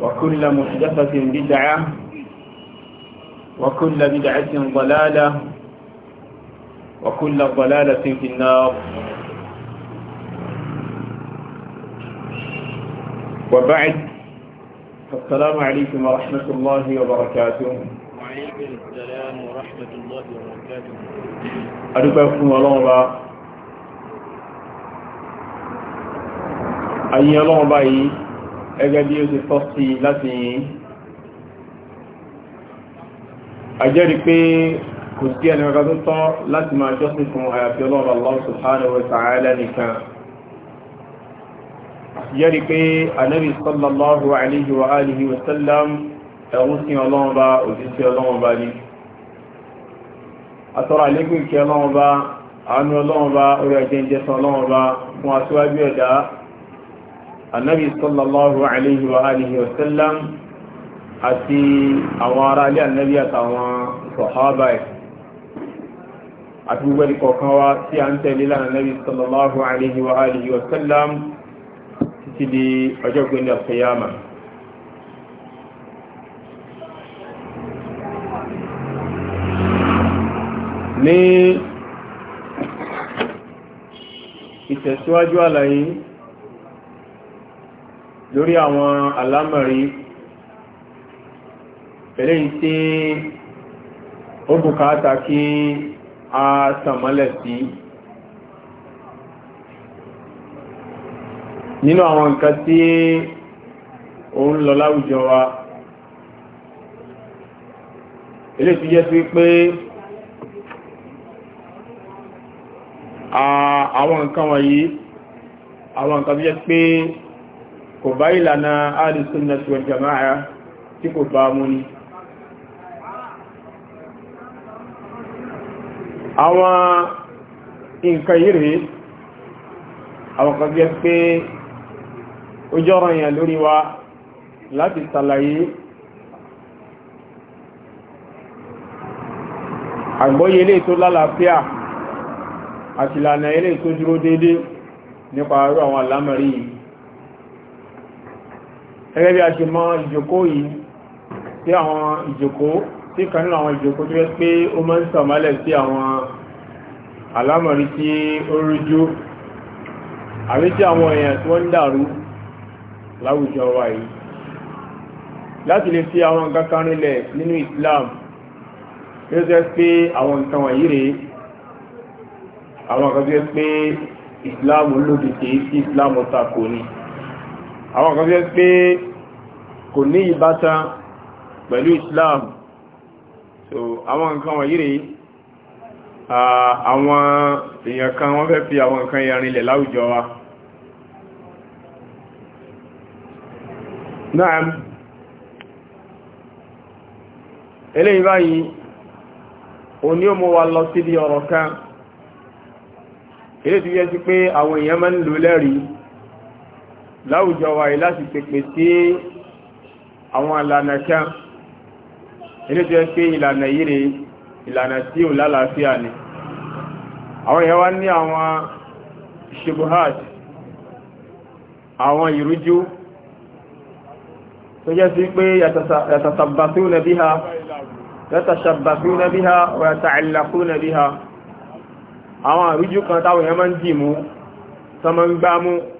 وكل محدثة بدعة وكل بدعة ضلالة وكل ضلالة في النار وبعد السلام عليكم ورحمة الله وبركاته وعليكم السلام ورحمة الله وبركاته أدوكم الله أي الله بأيه ẹgbẹ́ bí ó ti tọ́ sí láti yìn àjẹ́rí pé kò sí ẹni ọ̀gá tó tọ́ láti máa jọ́sìn fún àyàfi ọlọ́run Allah subhanahu wa ta'ala nìkan yẹ́rí pé anábì sallallahu alaihi wa alihi wa sallam ẹ̀rún sí ọlọ́run anábì sallallahu alayhi wa alihi wa sallam àti àwọn ará ilé anábì àtàwọn sọ̀hábà ẹ̀ àti gbogbo ẹni kọ̀ọ̀kan wa tí a ń tẹ̀lé lánàá anábì sallallahu alayhi wa alihi wa sallam títí di ọjọ́ gbẹ̀ndẹ̀ al-qiyama. ní ìtẹ̀síwájú àlàyé lórí àwọn alámọ̀rí pẹ̀lẹ́ tí ó bùkátà kí a sàmọ́lẹ̀ sí nínú àwọn nǹkan tí ó ń lọ láwùjọ wa ilé tí jẹ́ sí pé àwọn nǹkan wọ̀nyí àwọn nǹkan tí jẹ́ pé kò bá ìlànà alìsúnnàtí wal jama'a tí kò bá mú ní àwọn nǹkan yìí rèé àwọn kan jẹ́ pé ó jọ́rọ̀ yàn lórí wa láti ṣàlàyé àgbọ́yé ilé tó lálàáfíà àti ìlànà ilé tó dúró déédé nípa àwọn àlámọ̀rí yìí gẹ́gẹ́ bí a ṣe mọ̀ ìjòkó yìí sí àwọn ìjòkó tí kan nínú àwọn ìjòkó tó jẹ́ pé ó máa ń sọ̀mọ́lẹ̀ sí àwọn alámọ̀rí tí ó rújú àbí tí àwọn èèyàn tí wọ́n ń dàrú láwùjọ wa yìí láti lè fi àwọn nǹkan kan rinlẹ̀ nínú Islam tí ó jẹ́ pé àwọn nǹkan wọ̀nyí rèé àwọn nǹkan tó jẹ́ pé Islam lòdì sí Islam ọ̀tàkò ni àwọn kan fẹ́ pé kò ní ìbátan pẹ̀lú Islam so àwọn nǹkan wọ̀nyí rèé àwọn èèyàn kan wọ́n fẹ́ fi àwọn nǹkan ìrìnlẹ̀ láwùjọ wa náà eléyìí báyìí òní o mọ́ wa lọ síbi ọ̀rọ̀ kan ilé tí yẹ́ sí pé àwọn èèyàn máa ń lò lẹ́rìí láwùjọ wa yìí láti pèpè sí àwọn ìlànà kan ilé tó yẹ pé ìlànà yìí rèé ìlànà tí ò lálàáfíà ni àwọn èèyàn wá ní àwọn ṣubuhat àwọn ìrújú tó jẹ́ sí pé yàtàṣàbàtúnà biha yàtàṣàbàtúnà biha wa yàtàìlàkúnà biha àwọn ìrújú kan táwọn èèyàn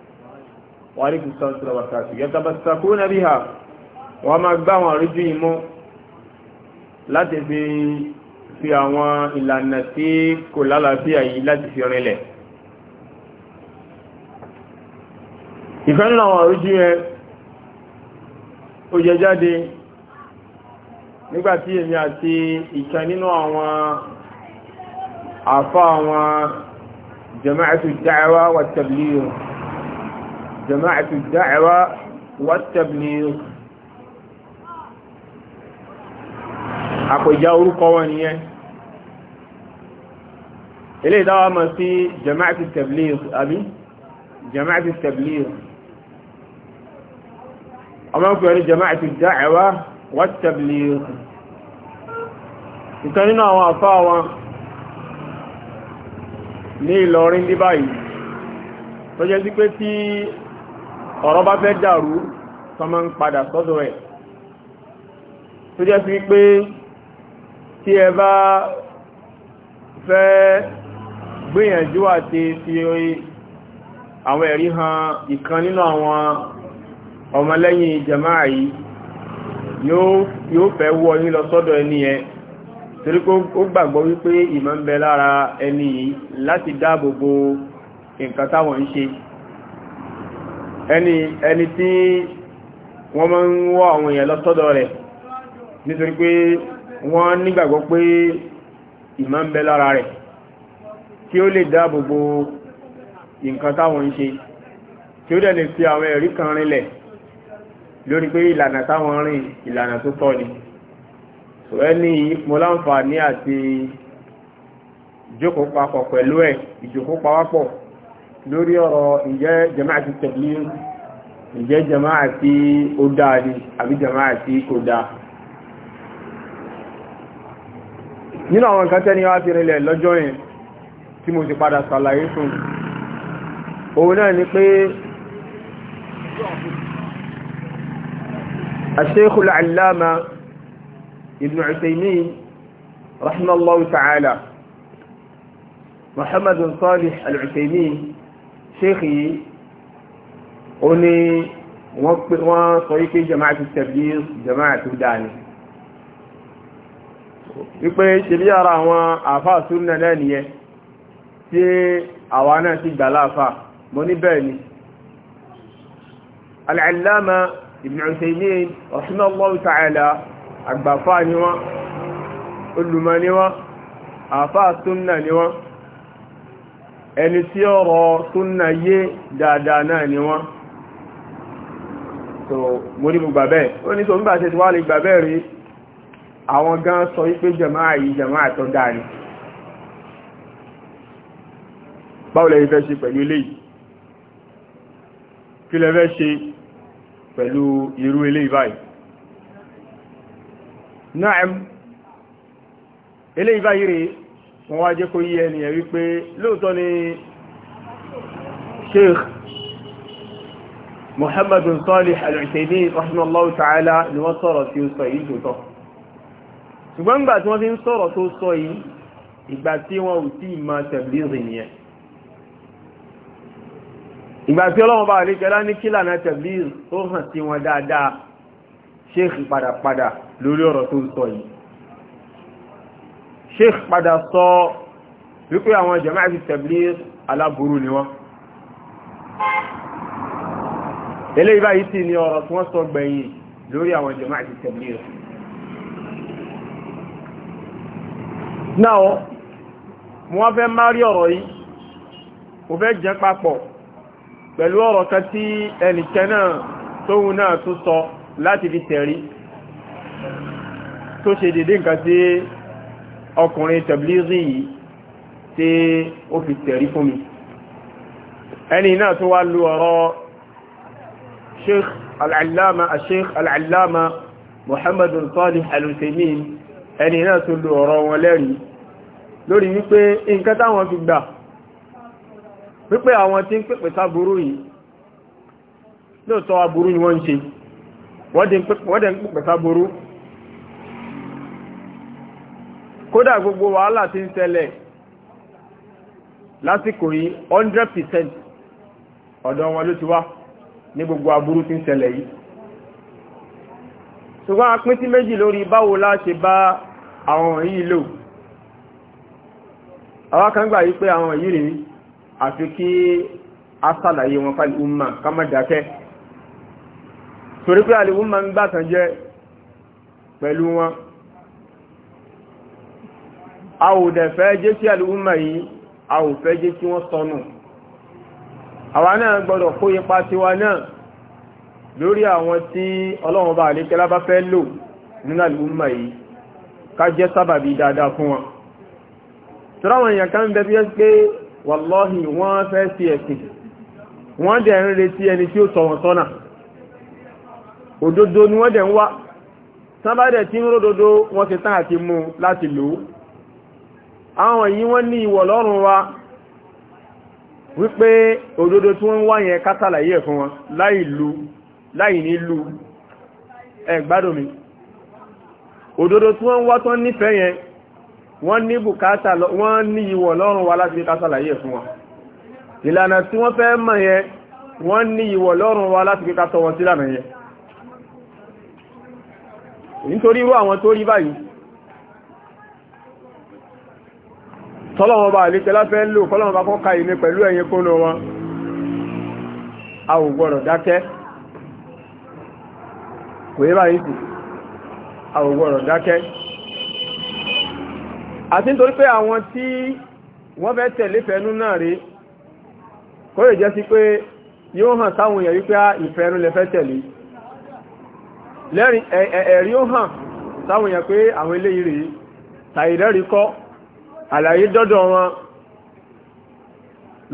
wà ní kùsàn sílẹ̀ wàkàtù yàtàbàsàkó nàbí ha wọ́n máa gbá àwọn àríjú yìí mú láti fi fi àwọn ìlànà tí kò lálàáfíà yìí láti fi rinlẹ̀ ìfẹ́ nínú àwọn àríjú yẹn ó jẹ jáde nígbàtí èmi àti ìkan nínú àwọn àfá àwọn jama'atu da'wa wa tabligh جماعة الدعوة والتبليغ àpèjá orúkọ wọn nìyẹn ilé ìdáwà mọ̀ sí jama'atì tabligh àbí jama'atì tabligh ọmọ ń pẹ̀lú jama'atì da'wa wa tabligh ìkan nínú àwọn àfá wọn ní Ìlọrin bí báyìí tó jẹ́ sí pé tí ọ̀rọ̀ bá fẹ́ dàrú tó máa ń padà sọ́dọ̀ ẹ̀ tó jẹ́ sí pé tí ẹ bá fẹ́ gbìyànjú àti fi àwọn ẹ̀rí han ìkan nínú àwọn ọmọlẹ́yìn jama'a yìí yóò fẹ́ wọ́ yín lọ sọ́dọ̀ ẹni yẹn torí kó ó gbàgbọ́ wípé ìmọ̀ ń bẹ lára ẹni yìí láti dáàbò bo nǹkan táwọn ń ṣe ẹni ẹni tí wọ́n máa ń wọ́ àwọn èèyàn lọ́sọ́dọ̀ rẹ̀ nítorí pé wọ́n nígbàgbọ́ pé ìmọ̀ ń bẹ lára rẹ̀ kí ó lè dáàbò bo nǹkan táwọn ń ṣe tí ó dẹ̀ lè fi àwọn ẹ̀rí kan rinlẹ̀ lórí pé ìlànà táwọn rìn ìlànà tó tọ́ ni ẹni yìí mo àti ìjókòó papọ̀ pẹ̀lú ẹ̀ ìjókòó pawápọ̀ lórí ọ̀rọ̀ ìjẹ́ jama'a ti tẹ̀lé ìjẹ́ jama'a tí ó dáa ni àbí jama'a tí kò dáa nínú àwọn nǹkan tẹ́ni wá fi rinlẹ̀ lọ́jọ́ yẹn tí mo ti padà sàlàyé fún òun náà ni pé الشيخ العلامة ابن عثيمين رحمه الله تعالى محمد صالح العثيمين ṣéèkì yìí ó ní wọ́n sọ yí pé jama'a ti tẹ̀bí jama'a tó dáa ni wípé ṣebí ara àwọn àfáà súnnà náà nìyẹn tí àwa náà ti gbà láàfáà mọ́ ní bẹ́ẹ̀ ni al'allama ibn Uthaymeen rahimahullahu ẹni tí ọ̀rọ̀ súnnà yé dáadáa náà ni wọ́n so mo ní gbogbo àbẹ́ ó ní so nígbà tí wá lè gbà bẹ́ẹ̀ rí àwọn gan sọ wípé jàmáà yìí jàmáà tó dáa ni báwo lẹ́yìn ṣe pẹ̀lú eléyìí wọ́n wá jẹ́ kó yí ẹniyàn wípé lóòtọ́ ni sheikh muhammad bin salih al-utaymin rahimahullahu ta'ala ni wọ́n sọ̀rọ̀ tí ó sọ yìí tó tọ́ ṣùgbọ́n nígbà tí wọ́n fi ń sọ̀rọ̀ tó sọ yìí ìgbà tí wọ́n ò tí ma tẹ̀blìrì nìyẹn ìgbà tí ọlọ́wọ́n bá rí kẹlá ní kílà náà tẹ̀blìrì ó hàn sí wọn dáadáa sheikh padà lórí ọ̀rọ̀ tó sọ yìí sheikh padà sọ wípé àwọn jama'ati tabligh aláburú ni wọ́n eléyìí báyìí sì ni ọ̀rọ̀ tí wọ́n sọ gbẹ̀yìn lórí àwọn jama'ati tabligh náà wọ́n fẹ́ má rí ọ̀rọ̀ yìí kò fẹ́ jẹ́ papọ̀ pẹ̀lú ọ̀rọ̀ kan tí ẹnìkẹ́ náà tóhun náà tó sọ láti fi tẹ̀rí tó ṣe dédé nǹkan tí ọkùnrin tàbílígì yìí tí ó fi tẹ̀rí fún mi ẹni náà tó wá lú ọ̀rọ̀ sheikh al'allama a sheikh al'allama muhammadu salih al-usaimin ẹni náà tó lú ọ̀rọ̀ wọn lẹ́rìí lórí wípé nǹkan táwọn fi gbà wípé àwọn tí ń pèpè sáburú yìí lóòtọ́ aburú ni wọ́n ń ṣe wọ́n dẹ̀ ń pèpè sáburú kódà gbogbo wàhálà tí ń ṣẹlẹ̀ lásìkò yìí 100% ọ̀dọ̀ wọn ló ti wá ní gbogbo aburú tí ń ṣẹlẹ̀ yìí ṣùgbọ́n a pín sí méjì lórí báwo la ṣe bá àwọn yìí lò àwọn kan gbà yí pé àwọn yìí rí àfi kí a sàlàyé wọn fàlì umma ká má dákẹ́ torí pé àlè umma ń gbà tàn jẹ pẹ̀lú wọn a ò dẹ̀ fẹ́ jẹ́ sí àlúgbùmọ̀ yìí a ò fẹ́ jẹ́ sí wọ́n sọnù àwa náà gbọ́dọ̀ kó ipa tiwa náà lórí àwọn tí ọlọ́run bá àlékẹ́lá bá fẹ́ lò nínú àlúgbùmọ̀ yìí ká jẹ́ sábàbí dáadáa fún wọn tíráwọn èèyàn kan bẹ bí ẹ́ pé wàlọ́hì wọ́n fẹ́ sí ẹ̀sìn wọ́n dẹ̀ ń retí ẹni tí ó tọ́ wọn sọ́nà òdodo ni wọ́n dẹ̀ ń wá sábàdẹ̀ tí ń ródodo wọ́n ti tán àti mú láti lòó àwọn yìí wọ́n ní ìwọ̀ lọ́rùn wa wípé òdodo tí wọ́n wá yẹn kátàlàyé fún wọn láì ní lú ẹgbádòmí òdodo tí wọ́n wá tán nífẹ̀ẹ́ yẹn wọ́n ní bùkátà wọ́n ní ìwọ̀ lọ́rùn wa láti kátàlàyé fún wọn ìlànà tí wọ́n fẹ́ mọ̀ yẹn wọ́n ní ìwọ̀ lọ́rùn wa láti kíkà tọwọ́ sílànà yẹn nítorí irú àwọn tó rí báyìí tọ́lọ́wọ́ bá àlékẹ́ láfẹ́ lò kọ́lọ́wọ́ bá kọ́ ka ìní pẹ̀lú ẹ̀yìn kónú wọn a ò gbọ́dọ̀ dákẹ́ kò yé báyìí sí a ò gbọ́dọ̀ dákẹ́ àti nítorí pé àwọn tí wọ́n fẹ́ tẹ̀lé fẹ́nú náà rí kó lè jẹ́ sí pé yóò hàn táwọn èèyàn wípé ah, ìfẹ́nú lè fẹ́ tẹ̀lé lẹ́rìn ẹ̀rí ó hàn táwọn èèyàn pé àwọn eléyìí rèé tàìdẹ́rìí kọ́ àlàyé dọ́dọ̀ wọn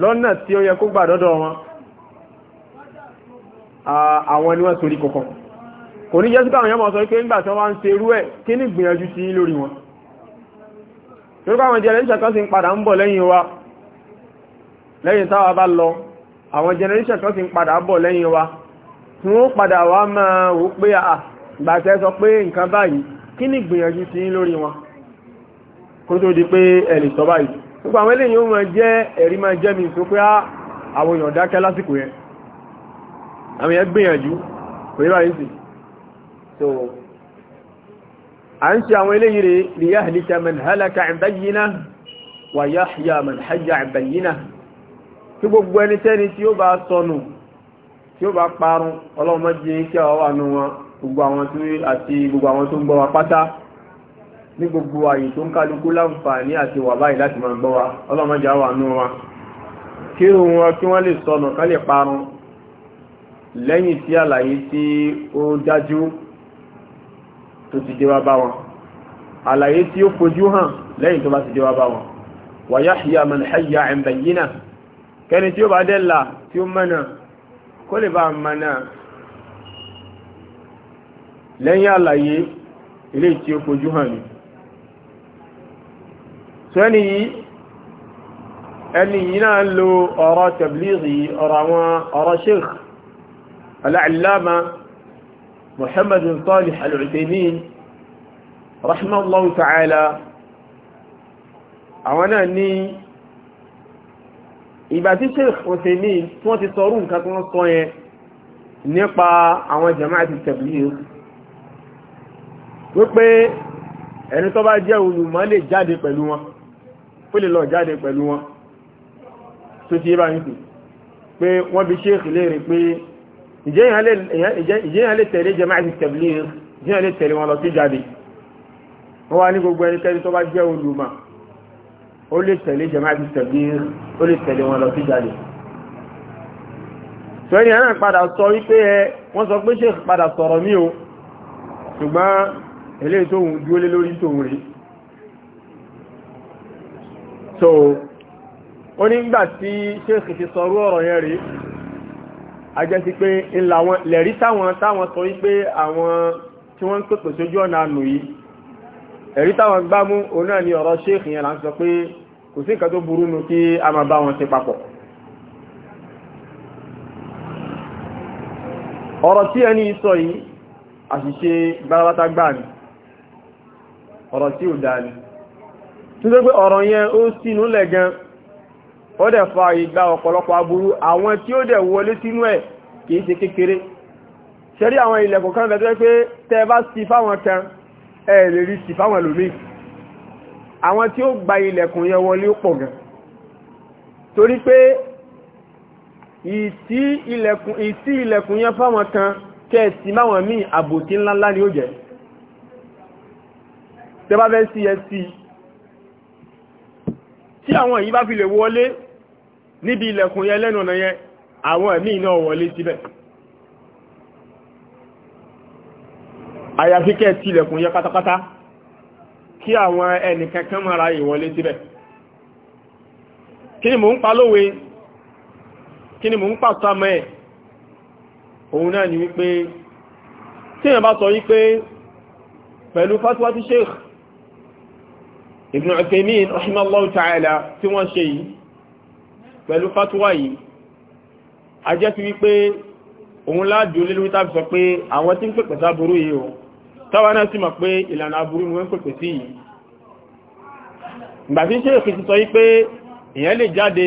lọ́nà tí ó yẹ kó gbà dọ́dọ̀ wọn àwọn ni wọ́n torí kọ̀kọ̀ kò ní jẹ́ sí káwọn yẹn mọ̀ sọ pé nígbà tí wọ́n wá ń ṣe irú ẹ̀ kí ní gbìyànjú sí lórí wọn torí káwọn generation kan sì ń padà ń bọ̀ lẹ́yìn wa lẹ́yìn táwa bá lọ àwọn generation kan sì ń padà bọ̀ lẹ́yìn wa tí wọ́n padà wá máa wò pé à gbàtẹ́ sọ pé nǹkan báyìí kí ní gbìyànjú sí lórí wọn kó tó di pé ẹ̀lì sọ báyìí nípa àwọn eléyìn ó máa jẹ́ ẹ̀rí máa jẹ́ mi tó pé ah, àwọn èèyàn dákẹ́ lásìkò yẹn àwọn èèyàn gbìyànjú kò yẹ báyìí sí so à ń ṣe àwọn eléyìn rẹ̀ liyahlika man halaka an bayyinah wa yahya man hayya an bayyinah kí gbogbo ẹni tẹ́ni tí ó bá sọnù tí ó bá parun ọlọ́run kí àwọn àti gbogbo àwọn tó ń gbọ́ wa pátá ní gbogbo ààyè tó ń kálukú láǹfààní àti wà báyìí láti máa gbọ́ wa ọlọ́mọjà wà nú wa kí wọn kí wọ́n lè sọnù ká lè parun lẹ́yìn tí àlàyé tí ó dájú tó ti dé bá wọn àlàyé tí ó fojú hàn lẹ́yìn tó bá ti dé bá wọn wa yahya man hayya an bayyina kẹni tí ó bá dẹ́là tí ó mẹ́nà kó lè bá mẹ́nà lẹ́yìn àlàyé ilé tí ó fojú hàn ni sẹ́ni yìí ẹni yìí náà lo ọ̀rọ̀ tẹ̀blìrì ọ̀rọ̀ àwọn ọ̀rọ̀ sheikh al'allama muhammad salih al'utaimin rahimahullahu ta'ala àwọn náà ní ìgbà tí sheikh utaimin tí wọ́n ti sọrú nǹkan tí wọ́n sọ yẹn nípa àwọn jama'ati tẹ̀blìrì wípé ẹni tó bá jẹ́ olùmọ́ lè jáde pẹ̀lú wọn ó lè lọ jáde pẹ̀lú wọn tó ti yíba ní pé wọ́n bí ṣéèkì léèrè pé ìjẹ́yàn lè tẹ̀lé jama'ati tabligh ìjẹ́yàn lè tẹ̀lé wọn lọ sí jáde wọ́n wá ní gbogbo ẹnikẹ́ni tó bá jẹ́ olùmọ̀ ó lè tẹ̀lé jama'ati tabligh ó lè tẹ̀lé wọn lọ sí jáde sọ́yìn ẹ̀rẹ́ padà sọ wípé ẹ wọ́n sọ pé ṣéèkì padà sọ̀rọ̀ mí o ṣùgbọ́n eléyìí tóhun dúólé lórí tóhun rèé so onígbà tí ṣéèkì ti sọ rú ọ̀rọ̀ yẹn rí a jẹ́ sí pé lẹ̀rí táwọn táwọn sọ wípé àwọn tí wọ́n ń pèpè sójú ọ̀nà ànù yìí ẹ̀rí táwọn gbámú òun náà ni ọ̀rọ̀ ṣéèkì yẹn là ń sọ pé kò sí nǹkan tó burú nu kí a máa bá wọn ṣe papọ̀ ọ̀rọ̀ tí ẹni sọ yìí nítorí pé ọ̀rọ̀ yẹn ó sínú lẹ̀ gan ó dẹ̀ fa ìgbà ọ̀pọ̀lọpọ̀ aburú àwọn tí ó dẹ̀ wọlé sínú ẹ̀ kìí ṣe kékeré ṣẹ́rí àwọn ilẹ̀kùn kan lẹ́tọ́ pé tẹ́ bá sí fáwọn kan ẹ̀ lè rí sí fáwọn lòmíì àwọn tí ó gba ilẹ̀kùn yẹn wọlé ó pọ̀ gan torí pé ìtí ilẹ̀kùn yẹn fáwọn kan kẹ́ sí máwọn míì àbòtí ńláńlá ni ó jẹ́ tẹ́ bá fẹ́ sí ẹ sí tí àwọn èyí bá fi lè wọlé níbi ilẹ̀kùn yẹn lẹ́nu ọ̀nà yẹn àwọn ẹ̀mí iná wọlé síbẹ̀ àyàfi kẹ́ ti ilẹ̀kùn yẹn pátápátá kí àwọn ẹnìkankan mara ìwọlé síbẹ̀ kí ni mò ń pa lówe kí ni mò ń pàtà mẹ́ ẹ̀ òun náà ni wípé tí èèyàn bá sọ wípé pẹ̀lú fásitì sheikh Ibn Uthaymeen rahimallahu ta'ala tí wọ́n ṣe yìí pẹ̀lú fatuwa yìí a jẹ́ ti wípé òun láàájú olélúwí tàbí sọ pé àwọn tí ń pèpè sáburú yìí o táwa náà sì mọ̀ pé ìlànà aburú ni wọ́n pèpè sí yìí ìgbà tí ṣe ìpìtì sọ wípé èèyàn lè jáde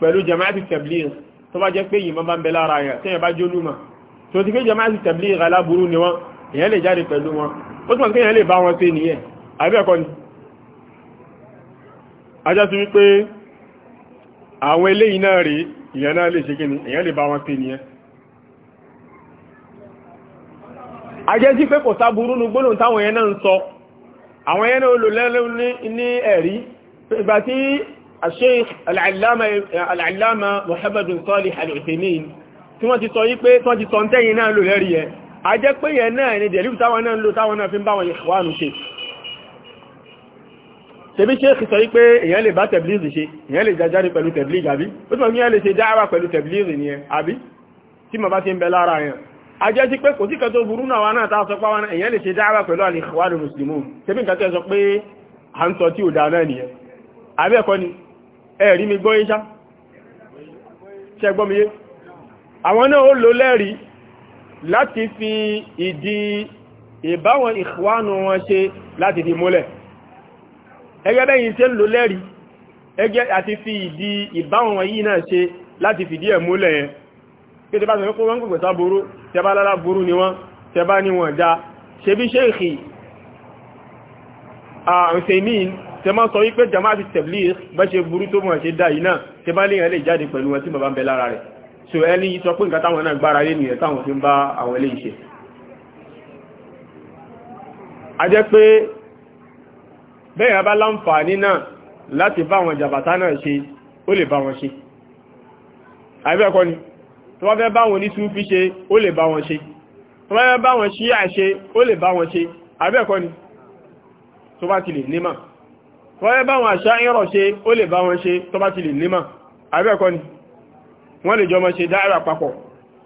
pẹ̀lú jama'ati tabligh tó bá jẹ́ pé yìí ajá sí wípé àwọn eléyìí náà rí ìyẹn náà lè ṣe kí ni èyàn lè bá wọn pè nìyẹn ajẹ́ sí pé kò sáburú nu gbónà táwọn ẹ̀yẹn náà ń sọ àwọn ẹ̀yẹn náà olùlẹ́lẹ́ ní ẹ̀rí ìgbà tí Sheikh al-Allama bin Salih al-Uthaymeen tí wọ́n ti sọ yí pé tí wọ́n ti sọ ni dẹ̀lú táwọn náà ń lò táwọn náà fi tẹbí ṣéèkì sọ wípé èyàn lè bá tẹ̀blìzì ṣe èyàn lè jàjáre pẹ̀lú tẹ̀blìzì àbí ó tún èyàn lè ṣe dáwà pẹ̀lú tẹ̀blìzì ni ẹ àbí tí ma bá ti ń bẹ lára yẹn a jẹ́ sí pé kò sí kan tó burú náà wá náà tàà sọ pá wọn èyàn lè ṣe dáwà pẹ̀lú àlìkọwàlù mùsùlùmù tẹbí nǹkan tẹ́ sọ pé à ń sọ tí ò dáa náà nìyẹn àbí ẹ̀kọ́ ni ẹ rí mi gbọ́ iṣá ṣe gbọ́ mi yé àwọn náà ó lò lẹ́rìí láti fi ìdí láti fi múlẹ̀ ẹgẹ́ bẹ́yìn tí ń lò lẹ́rí ẹgẹ́ àti fi ìdí ìbáwọn yìí náà ṣe láti fìdí ẹ̀ múlẹ̀ yẹn pé tẹ bá sọ pé wọ́n gbogbo sáburú tẹ bá burú ni wọ́n tẹ bá ní wọ́n dá ṣe bí ṣéèkì àǹsẹ̀mín tẹ máa sọ wípé jama ti tẹ̀blì bá ṣe burú tó mọ̀ ṣe dá yìí náà tẹ bá léyìn ẹlẹ́ ìjáde pẹ̀lú wọn tí bàbá ń bẹ lára rẹ̀ àwọn eléyìí bẹ́ẹ̀ bá láǹfààní náà láti bá wọn jàbàtà náà ṣe ó lè bá wọn ṣe àìbẹ́ẹ̀kọ́ ni tó bá fẹ́ bá wọn ní súfí ṣe ó lè bá wọn ṣe tó bá fẹ́ bá wọn ṣí àṣe ó lè bá wọn ṣe àìbẹ́ẹ̀kọ́ ni tó bá ti lè nímà tó bá fẹ́ bá wọn àṣà ìrọ̀ ṣe ó lè bá wọn ṣe tó bá ti lè nímà àìbẹ́ẹ̀kọ́ ni wọ́n lè jọ mọ́ ṣe dára papọ̀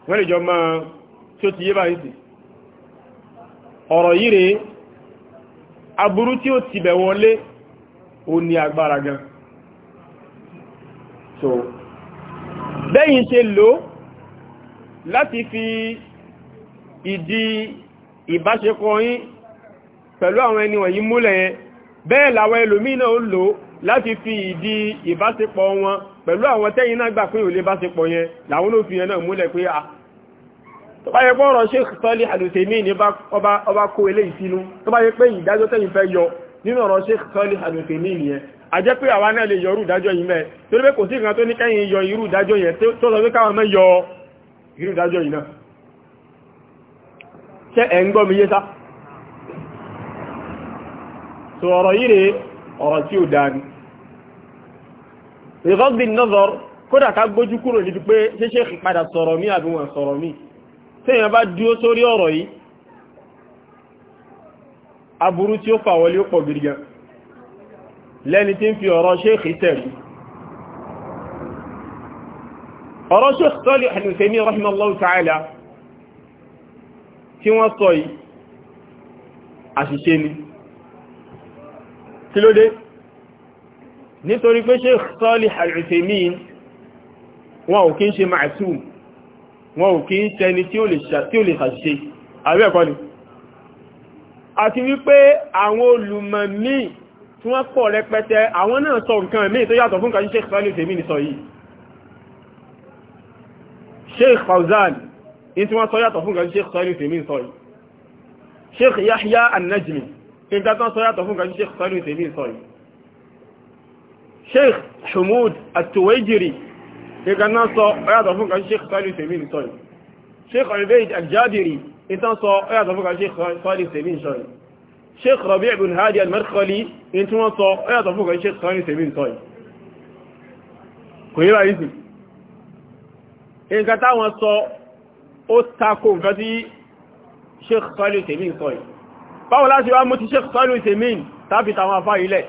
wọ́n lè jọ mọ́ tó ti yé báyìí sí ọ̀rọ̀ yìí rèé aburú tí ó ti bẹ̀ wọlé ó ní agbára gan so bẹ́yìn ṣe lò láti fi ìdí ìbáṣepọ̀ yín pẹ̀lú àwọn ẹni wọ̀nyí múlẹ̀ yẹn bẹ́ẹ̀ làwọn ẹlòmíì náà ó lò láti fi ìdí ìbáṣepọ̀ wọn pẹ̀lú àwọn tẹ́yìn náà gbà pé ò lè báṣepọ̀ yẹn làwọn ló fi yẹn náà múlẹ̀ pé ah, tó bá yẹ pé ọ̀rọ̀ Sheikh Salih Al-Uthaymeen ní ọba kó eléyìí sínú tó bá yẹ pé ìdájọ́ tẹ́yìn fẹ́ yọ nínú ọ̀rọ̀ Sheikh Salih Al-Uthaymeen nìyẹn a jẹ́ pé àwa náà lè yọ irú ìdájọ́ yìí mẹ́ torí pé kò sí nǹkan tó ní kẹ́yìn yọ irú ìdájọ́ yẹn tó sọ pé káwọn mẹ́ yọ irú ìdájọ́ yìí náà ṣé ẹ̀ ń gbọ́ mi yé sá so ọ̀rọ̀ yìí rèé ọ̀rọ̀ tí ó dáa ni ìrọ́gbìn náà kódà ká gbójú kúrò níbi pé ṣe Sheikh padà sọ̀rọ̀ mí àbí wọn sọ̀rọ̀ mí tẹ́yàn bá dúó sórí ọ̀rọ̀ yìí aburú tí ó fà wọlé ó pọ̀ gírígan lẹ́ni tí ń fi ọ̀rọ̀ ṣéèkì tẹ̀lú ọ̀rọ̀ ṣéèkì tọ́lì àdìsẹ́mí rahimallahu ta'ala tí wọ́n sọ yìí wọn ò kí ń tẹni tí ó lè ṣàṣe àbẹ́ ẹ̀kọ́ ni àti wípé àwọn olùmọ̀ míì tí wọ́n pọ̀ rẹpẹtẹ àwọn náà sọ nǹkan míì tó yàtọ̀ fún kan Sheikh Fani tèmi ni sọ yìí Sheikh Fauzan in tí wọ́n sọ yàtọ̀ fún kan nǹkan náà sọ ọyàtọ̀ fún kan sheikh sọ́ọ̀lì tèmi ń sọ̀rọ̀ sheikh olùbẹ́yìd aljabiri ìtàn sọ ọyàtọ̀ fún kan sheikh sọ́ọ̀lì tèmi ń sọ̀rọ̀ sheikh rabi ibn hadi al-markhali in tí wọ́n sọ ọyàtọ̀ fún kan sheikh sọ́ọ̀lì tèmi ń sọ̀rọ̀ kò yíra yìí nǹkan táwọn sọ ó takò nǹkan tí sheikh sọ́ọ̀lì tèmi ń sọ̀rọ̀ báwo láti wá mú ti sheikh sọ́ọ̀lì tèmi tàbí tàwọn afá ilẹ̀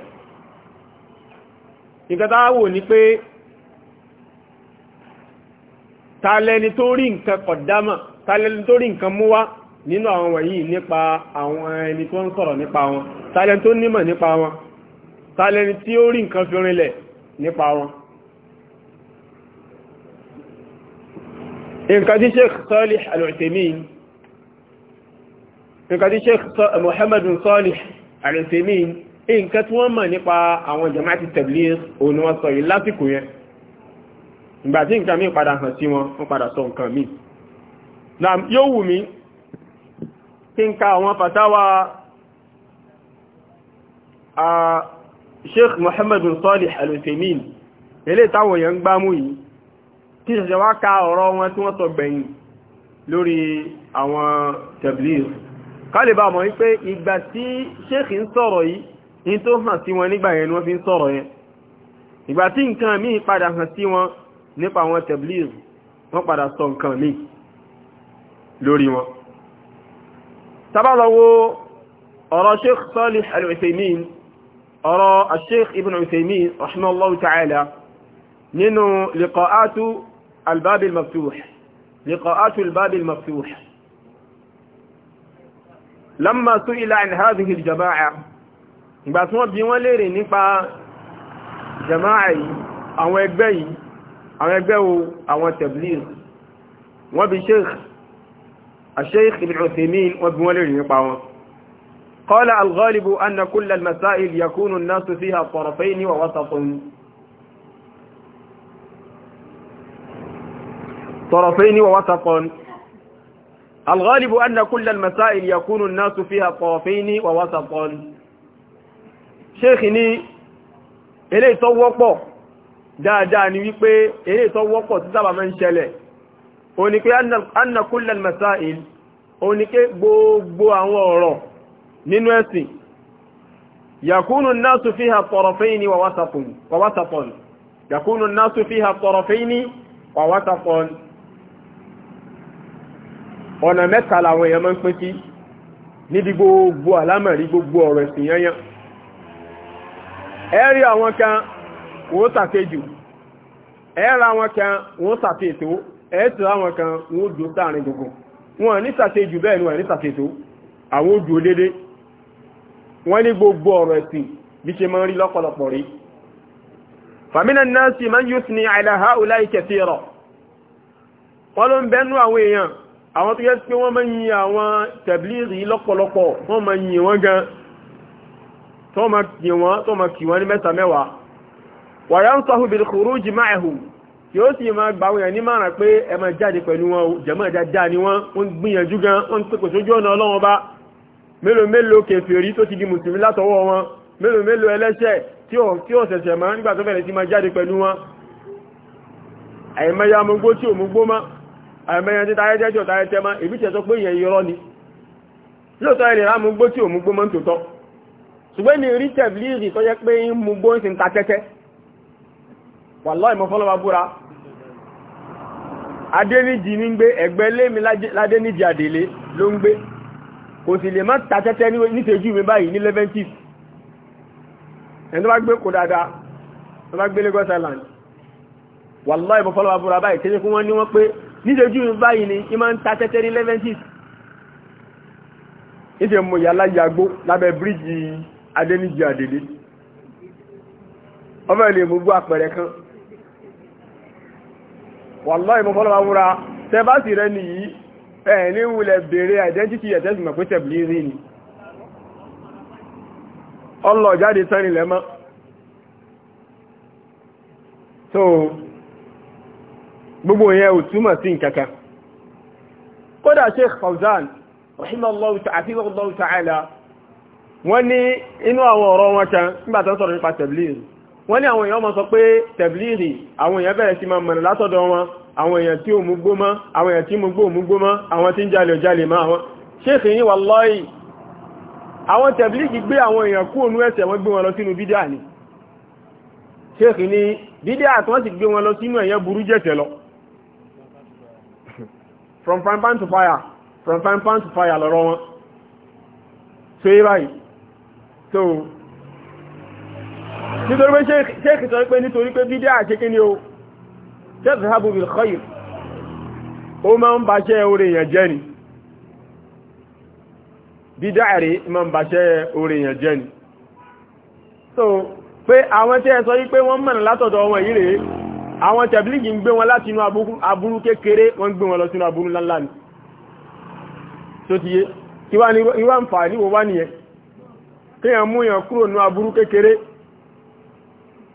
tàlẹni tó rí nǹkan kọ̀dámà tàlẹni tó rí nǹkan mú wá nínú àwọn wọ̀nyí nípa àwọn ẹni tó ń sọ̀rọ̀ nípa wọn tàlẹni tó nímọ̀ nípa wọn tàlẹni tí ó rí nǹkan fi rinlẹ̀ nípa wọn nǹkan tí Sheikh Salih Al-Uthaymeen nǹkan Muhammadun Salih Al-Uthaymeen nǹkan tí wọ́n mọ̀ nípa àwọn jama'ati Tabligh òun wọ́n sọ lásìkò yẹn ìgbà tí nǹkan mí padà hàn sí wọn wọ́n padà sọ nǹkan mí na yóò wù mí kí n ka àwọn fatawa a sheikh Muhammad bin Salih al-Uthaymeen ilé táwọn èèyàn gbá mú yìí tí ṣẹ̀ṣẹ̀ wá ka ọ̀rọ̀ wọn tí wọ́n sọ gbẹ̀yìn lórí àwọn tabligh kálíbà mọ̀ wípé ìgbà tí sheikh ń sọ̀rọ̀ yìí in tó hàn sí wọn nígbà yẹn ni wọ́n fi ń sọ̀rọ̀ yẹn ìgbà tí nǹkan mí padà hàn sí wọn nípa àwọn tabligh wọ́n padà sọ nǹkan ní lórí wọn tàbálọ́wọ́ ọ̀rọ̀ sheikh Salih al-Uthaymin ọ̀rọ̀ sheikh ibn Uthaymin rahimahullahu ta'ala nínú liqa'atu al-bab al-maftuh liqa'atu al-bab al-maftuh lamma jamaa ìgbà tí wọ́n bi wọ́n jama'a yìí àwọn ẹgbẹ́ yìí àwọn ẹgbẹ́ wo àwọn tabligh wọ́n bí sheikh الشيخ ابن عثيمين وابن يقعون قال الغالب أن كل المسائل يكون الناس فيها طرفين ووسط طرفين ووسط الغالب أن كل المسائل يكون الناس فيها طرفين ووسط شيخني إليه طوقه dáadáa ni wípé eré tó wọ́pọ̀ tí sábà máa ń ṣẹlẹ̀ ó ní pé anna kullal masail ó ní pé gbogbo àwọn ọ̀rọ̀ nínú ẹ̀sìn yakunu nasu fiha tarafaini wa wasatun yakunu nasu fiha tarafaini wa wasatun ọ̀nà mẹ́ta làwọn èèyàn máa ń pín sí níbi gbogbo àlámọ̀rí gbogbo ọ̀rọ̀ ẹ̀sìn yányán ẹ̀rí àwọn kan wọ́n sàkéjù ẹ̀ẹ́ra wọn kan wọ́n sàkéètò ẹ̀ẹ́tìra wọn kan wọ́n dúó sáàrin gbogbo wọn ní bẹ́ẹ̀ ni wọ́n ní àwọn wọ́n ní gbogbo ọ̀rọ̀ ẹ̀sìn bí ṣe máa ń rí lọ́pọ̀lọpọ̀ rí fàmínà náà sì máa ń yóò sin àìláha òlá ìkẹsí rọ̀ wọ́n ló ń bẹ́nu àwọn èèyàn àwọn tó yẹ pé wọ́n máa ń yin àwọn tẹ̀blìrì lọ́pọ̀lọpọ̀ wàyánsáhù bí khuruj ma'ahum tí ó sì máa gbà wọ̀nyà ní márùn pé ẹ máa jáde pẹ̀lú wọn jẹ̀mọ́ dáadáa ni wọ́n ń gbìyànjú gan wọ́n ń pèkò sójú ọ̀nà ọlọ́wọ́n bá mélòó mélòó kèfèrí tó ti di mùsùlùmí látọwọ́ wọn mélòó mélòó tí ó ṣẹ̀ṣẹ̀ máa nígbà tó bẹ̀rẹ̀ sí máa jáde pẹ̀lú wọn àìmẹ́yà mọ́gbó tí ò mọ́gbó má àìmẹ́yà tí táyẹ́tẹ́jọ́ táyẹ́tẹ́ má èbí tẹ́ sọ pé ìyẹn irọ́ ni lóòtọ́ ilẹ̀ rá mọ́gbó tí ò mọ́gbó má ń tòótọ́ ṣùgbẹ́ ni rí tẹ̀blìrì tó yẹ pé ń mọ́gbó ń sin ta tẹ́tẹ́ wàláhì mọ́ fọ́lọ́wà búra adéníjì ní gbé ẹgbẹ́ lémi ládéníjì àdèlé ló ń gbé kò sì lè má ta tẹ́tẹ́ nítẹ́jú mi báyìí ní leventis ẹni tó bá gbé kò dáadáa tó bá gbé Lagos Island wàláhì mọ́ fọ́lọ́wà búra báyìí tẹ́jẹ́ kí wọ́n ní wọ́n pé nítẹ́jú mi báyìí ni ìmá ń ta tẹ́tẹ́ ní leventis ìṣe mọ̀ yàlá yàgbó lábẹ́ bíríjì adéníjì àdèlé ọmọ ilé mú gbọ́ àpẹẹrẹ kan wàláì mo fọ́lọ́ wúra tẹ bá sì rẹ nìyí ẹ̀ ní wulẹ̀ bèèrè identity ẹ̀tẹ́sì mọ̀ pé tẹ̀blírí ni ọlọ̀ jáde sẹ́rin lẹ́mọ́ so gbogbo yẹn ò túmọ̀ sí nǹkankan kódà Sheikh Fawzan rahimallahu ta'ala wọ́n ní inú àwọn ọ̀rọ̀ wọn kan nígbàtán sọ̀rọ̀ nípa tẹ̀blírí wọ́n ní àwọn èèyàn mọ̀ sọ pé tẹ̀blìrì àwọn èèyàn bẹ̀rẹ̀ sí máa mọ̀nà látọ̀dọ̀ wọn àwọn èèyàn tí ò mú gbó mọ́ àwọn èèyàn tí mú gbó mú gbó mọ́ àwọn tí ń jalè ò jalè mọ́ àwọn ṣéèkì yí wàláhì àwọn tẹ̀blìrì gbé àwọn èèyàn kú ònú ẹ̀sẹ̀ wọ́n gbé wọn lọ sínú bídíà ni ṣéèkì ní bídíà tí wọ́n from frying to fire from frying to fire lọ́rọ̀ wọn so yí báyìí nítorí pé ṣéèkì sọ pé nítorí pé bídá àṣekí ni o ṣéèkì sábò bil khair ó máa ń bàṣẹ́ orí èèyàn jẹ́ ni bídá rẹ̀ máa ń bàṣẹ́ orí èèyàn jẹ́ ni so pé àwọn tí ẹ sọ wípé wọ́n mọ̀nà látọ̀dọ̀ wọn yìí rèé àwọn tẹ̀blígì ń gbé wọn láti inú aburú kékeré wọ́n gbé wọn lọ sínú aburú ńláńlá ni tó ti yé kí wá ní ìwà ń fà ní wá nìyẹn kí èèyàn mú èèyàn kúrò nínú aburú kékeré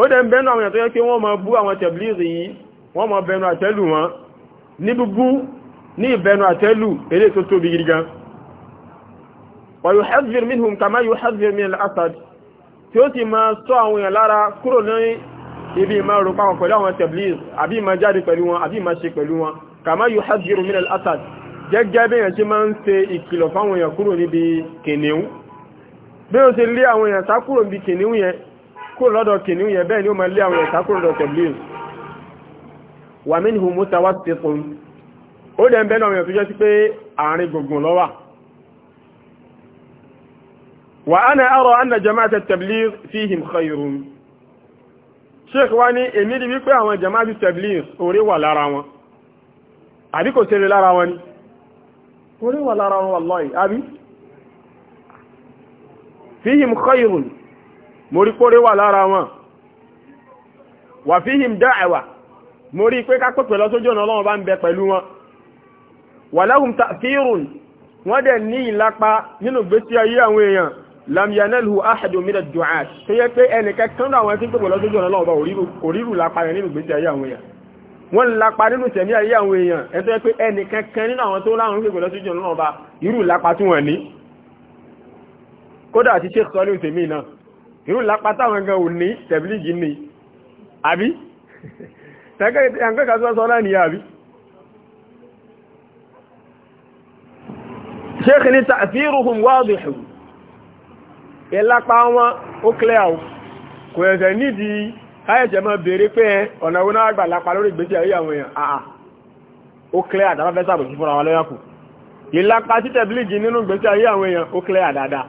ó dẹ̀ ń bẹ́nu àwọn èèyàn tó yẹ kí wọ́n máa bú àwọn tẹ̀blìrì yìí wọ́n máa bẹnu àtẹ́lù wọn ní búbú ní ìbẹnu àtẹ́lù eré tó tóbi gidi kama yuhadhir min al-asad tí ó sì máa sọ ibi ìmá rúpa wọn pẹ̀lú àwọn tẹ̀blìrì àbí ìmá kama yuhadhir min al-asad gẹ́gẹ́ bí èèyàn ṣe máa ń ṣe ìkìlọ̀ fáwọn èèyàn kúrò níbi kìnìún bí ó ṣe lé àwọn èèyàn sá níbi kìnìún yẹn kúrò lọ́dọ̀ kìnìún yẹn bẹ́ẹ̀ ni ó máa lé àwọn ẹ̀ka kúrò lọ́dọ̀ tẹ̀blín wà mí nìhun mú tawá ti fún ó dẹ̀ ń bẹ́ẹ̀ náà tó jẹ́ sí pé àárín gbùngbùn lọ́wà wà á na ọrọ̀ anna jama'at tẹ̀blín fihim khayrun sheikh fihim khayrun mórí kórè wà lára wọn wà fíhìm dá'wà mórí pé kápẹ́pẹ́ lọ́sójú ọ̀nà ọlọ́run bá ń bẹ pẹ̀lú wọn wà lahum ta'thirun wọ́n dẹ̀ ní ìlapa nínú gbésí ayé àwọn èèyàn lam yanalhu ahadun min ad-du'at tó yẹ pé ẹnìkan kan náà àwọn tí pẹ̀pẹ́ lọ́sójú ọ̀nà ọlọ́run bá òrírù lápa yẹn nínú gbésí ayé àwọn èèyàn wọ́n lápa nínú tẹ̀mí ayé àwọn èèyàn ẹni tó yẹ pé ẹnìkan kan nínú àwọn tó láwọn pẹ̀pẹ́ lọ́sójú ọ̀nà ọlọ́run irú lápa tí wọ́n ní kódà àti Sheikh Salim tèmi náà irú lápátá àwọn gan òní tẹ̀bílìgì ní àbí tẹ́kẹ́kẹ́ sọ́sọ́ náà nìyà àbí ṣéèkì ní tàfíìrùhùn wádìí ìlápá wọn ó kílẹ̀ àwọ̀ kò ẹ̀sẹ̀ nídìí káyẹ̀ṣẹ̀ mọ́ bèèrè pé ọ̀nà owó náà gbà lápá lórí ìgbésí ayé àwọn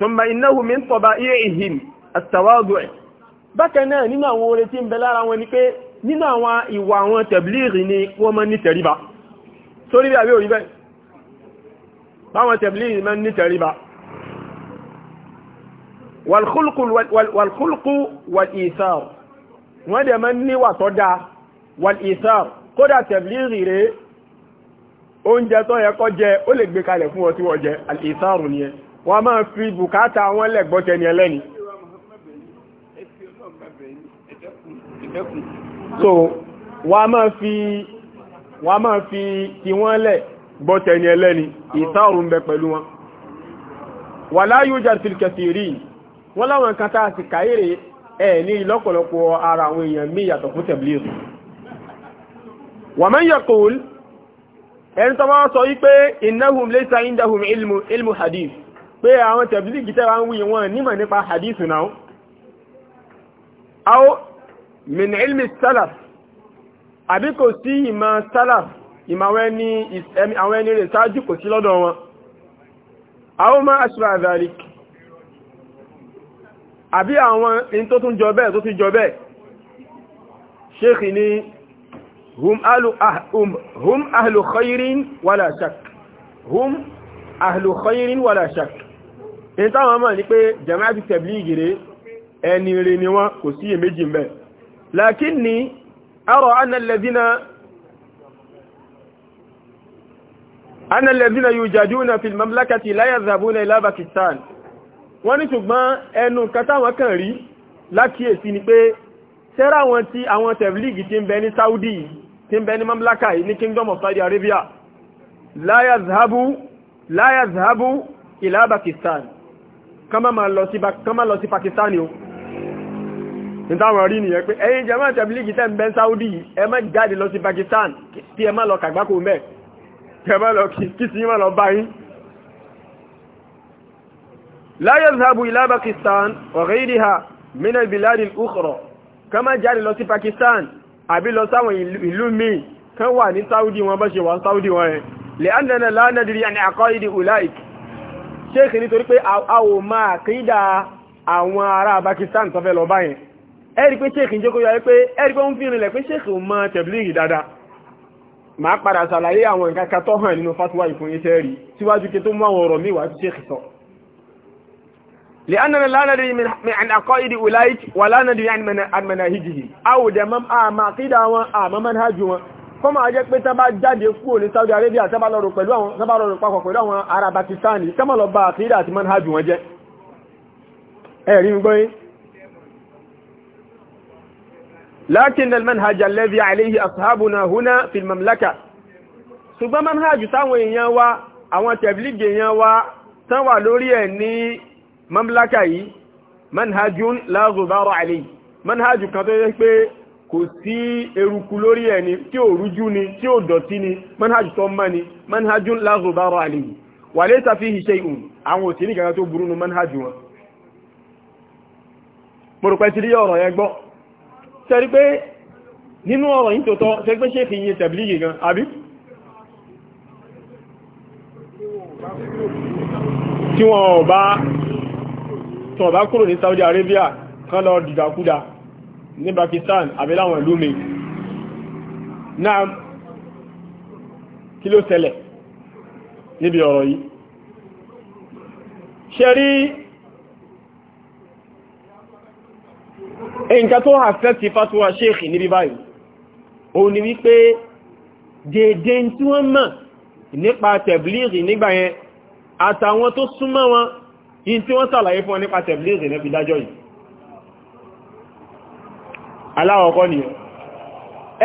ثم إنه من طبائعهم التواضع bákan náà nínú àwọn oore tí ń bẹ lára wọn ni pé nínú àwọn ìwà àwọn tẹ̀blìrì ni wọ́n máa ní tẹ̀ríba sórí bí àbí orí bẹ́ báwọn tẹ̀blìrì máa ní tẹ̀ríba wàlúkúlùkù wàlìsáà wọ́n dẹ̀ máa níwà tó dáa wàlìsáà kódà tẹ̀blìrì rẹ̀ oúnjẹ tó yẹ kó jẹ ó lè gbé kalẹ̀ fún ọ tí wọ́n jẹ alìsáàrù nìyẹn wọ́n máa fi bùkátà wọn lẹ̀gbọ́ tẹni ẹlẹ́ni so wọ́n máa fi wọ́n máa fi tí wọ́n lẹ̀ gbọ́ tẹni ẹlẹ́ni ìtàrùn bẹ pẹ̀lú wọn wà láyú jàrìtìlkẹsì rí wọ́n láwọn kan tàà sì káyèrè ẹ̀ ní ìlọ́pọ̀lọpọ̀ ara àwọn èèyàn mí yàtọ̀ fún tẹ̀blìrì wà mẹ́ yẹ̀kùl ẹni tọ́wọ́ sọ wípé innahum laysa indahum ilmu hadith pé àwọn tẹ̀bílìgì tẹ́wàá ń wuyì wọn nímọ̀ nípa hadithu náà aw min ilmi salaf àbí kò sí ìmọ̀ salaf ìmọ̀ àwọn ẹni rẹ̀ sáájú kò sí lọ́dọ̀ wọn aw ma ashba dhalik àbí àwọn in tó tún jọ bẹ́ẹ̀ tó tún jọ bẹ́ẹ̀ ṣéèkì ni hum ahlu ah, um, khairin wala shak hum ahlu khairin wala shak ní táwọn mọ̀ ní pé jamaatu tablighi rẹ̀ ẹni rẹ̀ ni wọ́n kò sí èméjì mbẹ̀ lakinni ara anna alladhina anna alladhina yujaduna fil mamlakati la yadhhabuna ila Pakistan wọ́n ní ṣùgbọ́n ẹnu katáwọn kan rí lákíyèsí ni pé sẹ́rà àwọn tí àwọn tablighi ti ń bẹ ní Saudi tí ń bẹ ní mamlaka yìí ní Kingdom of Saudi Arabia la yadhhabu la yadhhabu ila Pakistan kán má lọ sí Pakistani o nítàwọn rí nìyẹn pé ẹ̀yin jàmáà tẹ̀bílìkì tẹ́ ń bẹ Saudi ẹ má jáde lọ sí Pakistan tí ẹ má lọ kàgbákò mẹ́ ẹ má lọ kí sí má lọ bá yín la yazhabu ila Pakistan wa ghayriha min al-bilad al-ukhra ká má jáde lọ sí Pakistan àbí lọ sáwọn ìlú míì kan wà ṣéèkì nítorí pé a ò máa kídà àwọn ará Pakistan tó fẹ́ lọ báyìí ẹ̀rí pé ṣéèkì jẹ́ kó yọ pé ẹ̀rí pé ń fi rìnlẹ̀ pé ṣéèkì ò mọ tẹ̀blígì dáadáa máa padà ṣàlàyé àwọn nǹkan kan tó hàn nínú fatuwa ìfún iṣẹ́ rí síwájú kí tó kọ́mọ̀ ajẹ́ pé tán bá jáde kúrò ní Saudi Arabia tán bá lọ́rọ̀ pẹ̀lú àwọn tán bá lọ́rọ̀ papọ̀ pẹ̀lú àwọn ará Pakistani kọ́mọ̀ lọ bá àfíìdà àti manhajù wọn jẹ́ ẹ̀rí ń gbọ́yìn lakin al-manhaj alladhi alayhi ashabuna huna fi al kò sí eruku lórí ẹni tí ò rújú ni tí ò dọ̀tí ni manhaj tó mọ́ ni manhaj la ghubara alayhi wa laysa fihi shay'un àwọn òsì ní kankan tó burú nu manhaj wọn mo rò pé ti rí ọ̀rọ̀ yẹn gbọ́ sẹ́rí pé nínú ọ̀rọ̀ yìí tó tọ́ sẹ́rí pé ṣéèkì yìí tẹ̀blígì gan àbí tí wọ́n bá kúrò ní Saudi Arabia kan lọ dìdàkúdà ní Pakistan àbí láwọn ìlú mi náà kí ló ṣẹlẹ̀ níbi ọ̀rọ̀ yìí ṣe rí nǹkan tó hàfẹ́ ti fatuwa ṣéèkì níbi báyìí òun ni wípé dédé tí wọ́n mọ̀ nípa tẹ̀blìrì nígbà yẹn àtàwọn tó súnmọ́ wọn yìí tí wọ́n sàlàyé fún wọn nípa tẹ̀blìrì níbi dájọ́ yìí aláwọ̀kọ́ nìyẹn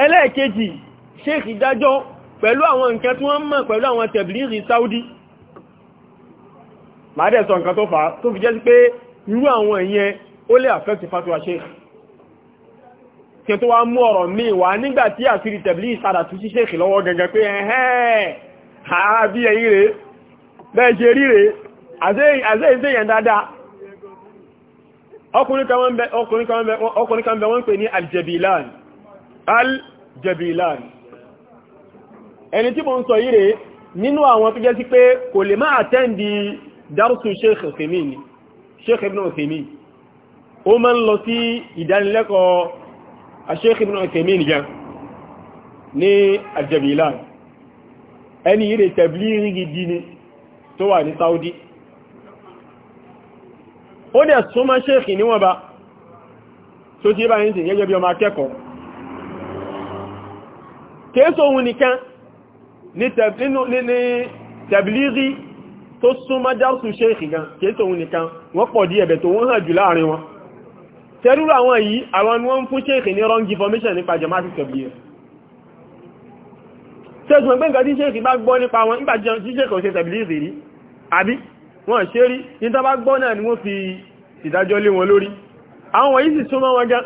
ẹlẹ́ẹ̀kejì ṣéèkì dájọ́ pẹ̀lú àwọn nǹkan tí wọ́n mọ̀ pẹ̀lú àwọn tẹ̀blìrì Saudi màádẹ́sọ nǹkan tó fà tó fi jẹ́ sí pé irú àwọn ìyẹn ó lè affect fatwa ṣéèkì kí tó wá mú ọ̀rọ̀ míì wá nígbà tí àfírí tẹ̀blìrì sádà tún sí ṣéèkì lọ́wọ́ gẹ́gẹ́ pé ẹ̀hẹ́n àbí ẹ̀yìn rèé bẹ́ẹ̀ ṣe rí rèé àṣẹ́ ìṣẹ́yẹn dáadáa ọkùnrin kan bẹ wọ́n pè ní aljabilan aljabilan ẹni tí mo ń sọ yìí rẹ̀ nínú àwọn tó jẹ́ sí pé kò lè máa tẹ́ndì dárùsù sheikh Uthaymeen sheikh ibn Uthaymeen ó máa ń lọ sí ìdánilẹ́kọ̀ọ́ sheikh ibn Uthaymeen ní aljabilan ẹni yìí rẹ̀ tẹ̀blì rí ni tó wà ní Saudi ó dẹ̀ súnmọ́ ṣéèkì níwọ̀n bá tó tí bá ń sì gẹ́gẹ́ bí ọmọ akẹ́kọ̀ọ́ kéèsò ohun nìkan ní tẹ̀blírí tó súnmọ́ járùsù ṣéèkì gan kéèsò ohun nìkan wọ́n pọ̀ dí ẹ̀bẹ̀ tó wọ́n hàn jù láàrin wọn tẹ́rúrú àwọn yìí àwọn ni wọ́n fún ṣéèkì ní wrong information nípa jamaati tẹ̀blírí tẹ́sùn pé wọ́n ṣe rí ní tàbá gbọ́ náà ni wọ́n fi ìdájọ́ lé wọn lórí àwọn wọ̀nyí sì súnmọ́ wọn gan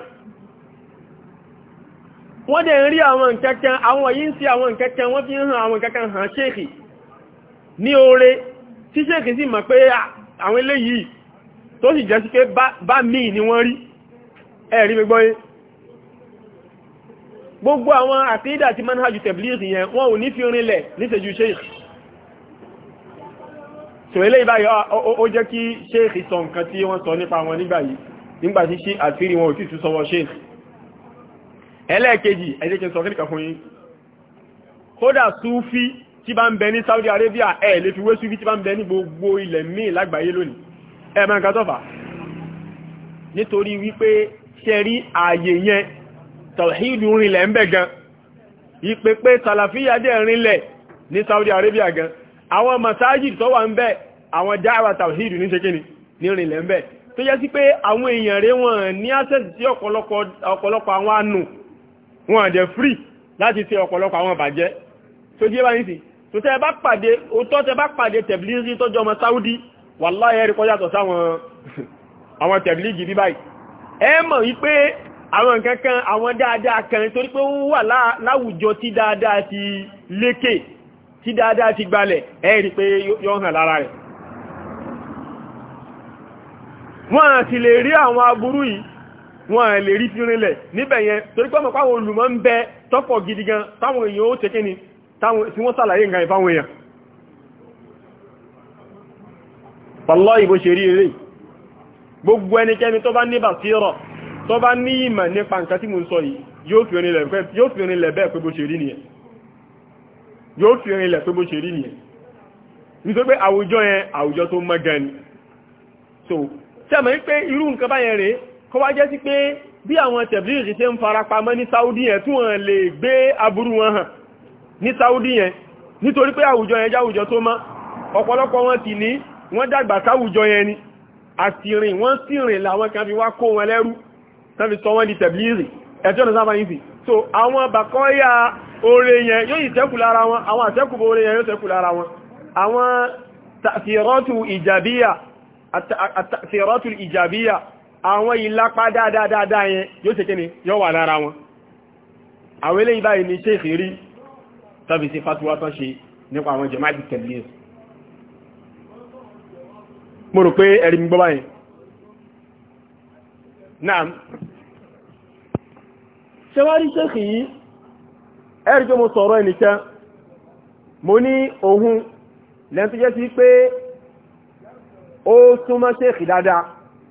wọ́n dẹ̀ ń rí àwọn nkẹ́kẹ́ àwọn yí ń sí àwọn nkẹ́kẹ́ wọ́n fi ń hàn àwọn nkẹ́kẹ́ hàn ṣéèkì ní oore tí ṣéèkì sì mọ̀ pé àwọn eléyìí tó sì jẹ́ sí pé bá míì ni wọ́n rí ẹ̀rí mi gbọ́yé so eléyìí báyìí ó jẹ́ kí sheikh sọ nǹkan tí wọ́n sọ nípa wọn nígbà yìí nígbà tí sheikh àtìrí wọn ò sì tún sọwọ́ sheikh ẹlẹ́ẹ̀kejì ẹ jẹ́ kí n sọ kíríkà fún yín kódà súfí tí bá ń bẹ ní Saudi Arabia ẹ̀ lè fi wé súfí tí bá ń bẹ ní gbogbo ilẹ̀ míì lágbàáyé lónìí ẹ̀ mọ́ nǹkan tọ́fà nítorí wípé ṣẹ́rí ààyè yẹn tọ̀hídù rinlẹ̀ ń bẹ gan ìpépé sàlàfíyà dẹ̀ rinlẹ̀ ní Saudi Arabia àwọn masajid tó wà ń bẹ àwọn dáwà tawhid ní ṣekíní ní rìnlẹ̀ ń bẹ tó yẹ sí pé àwọn èèyàn rẹ̀ wọ́n ní access sí ọ̀pọ̀lọpọ̀ àwọn ànù wọ́n àjẹ́ free láti ṣe ọ̀pọ̀lọpọ̀ àwọn bàjẹ́ tó jẹ́ bá ní sí tó tẹ́ bá pàdé òótọ́ tẹ́ bá pàdé tẹ̀blígì tó jọ ọmọ Saudi wallahi ẹ̀rí kọjá tọ̀ sáwọn àwọn tẹ̀blígì bí báyìí ẹ mọ̀ wípé àwọn dáadáa kan torí pé ó wà láwùjọ tí dáadáa ti lékè tí dáadáa ti gbalẹ̀ ẹ̀rí pé yóò hàn lára rẹ̀ wọ́n àti lè rí àwọn aburú yìí wọ́n à lè rí fírinlẹ̀ níbẹ̀ yẹn torí pé ọmọkọ́ àwọn ń bẹ tọ́pọ̀ gidi gan táwọn èèyàn ó tẹ́kẹ́ ni tí wọ́n sàlàyé nǹkan ìfáwọn èèyàn pàlọ́ ìbò ṣe rí eré gbogbo ẹnikẹ́ni tó bá ní bàtírọ̀ tó bá ní nípa nǹkan tí mo ń sọ yìí yóò fi orin yóò fi rin ilẹ̀ tó bó ṣe rí nìyẹn nítorí pé àwùjọ yẹn àwùjọ tó mọ́ gan ni so sẹ́mọ̀ yí pé irú nǹkan báyẹn rèé kó wá jẹ́ sí pé bí àwọn tẹ̀blíìrì ṣe ń farapamọ́ ní Saudi yẹn tí wọ́n lè gbé aburú wọn hàn ní Saudi yẹn nítorí pé àwùjọ yẹn jáwùjọ tó mọ́ ọ̀pọ̀lọpọ̀ wọn ti ní wọ́n dàgbà sáwùjọ yẹn ni àtìrìn wọ́n sì rìn làwọn kan fi wá kó wọn lẹ́rú tán fi sọ wọ́n di tẹ̀blíìrì ẹ̀jọ́ náà sábà yìí oore yẹn yóò ìṣẹ́kù lára wọn àwọn àṣẹ́kù bó oore yẹn yóò ṣẹ́kù lára wọn àwọn tàfírọ́tù ìjàbíyà àtàfírọ́tù ìjàbíyà àwọn ìlápá dáadáa yẹn yóò ṣe kíni yóò wà lára wọn àwọn eléyìí báyìí ni ṣéèkì rí tàbí sí fatuwa tán ṣe nípa àwọn jẹmáàtì tẹ̀lé mo rò pé ẹ̀rí mi gbọ́ báyìí náà ṣe wá rí ṣéèkì yìí ẹ̀rí tó mo sọ̀rọ̀ ẹnìkan mo ní ohun lẹ́n tó jẹ́ sí pé ó súnmọ́ ṣéèkì dáadáa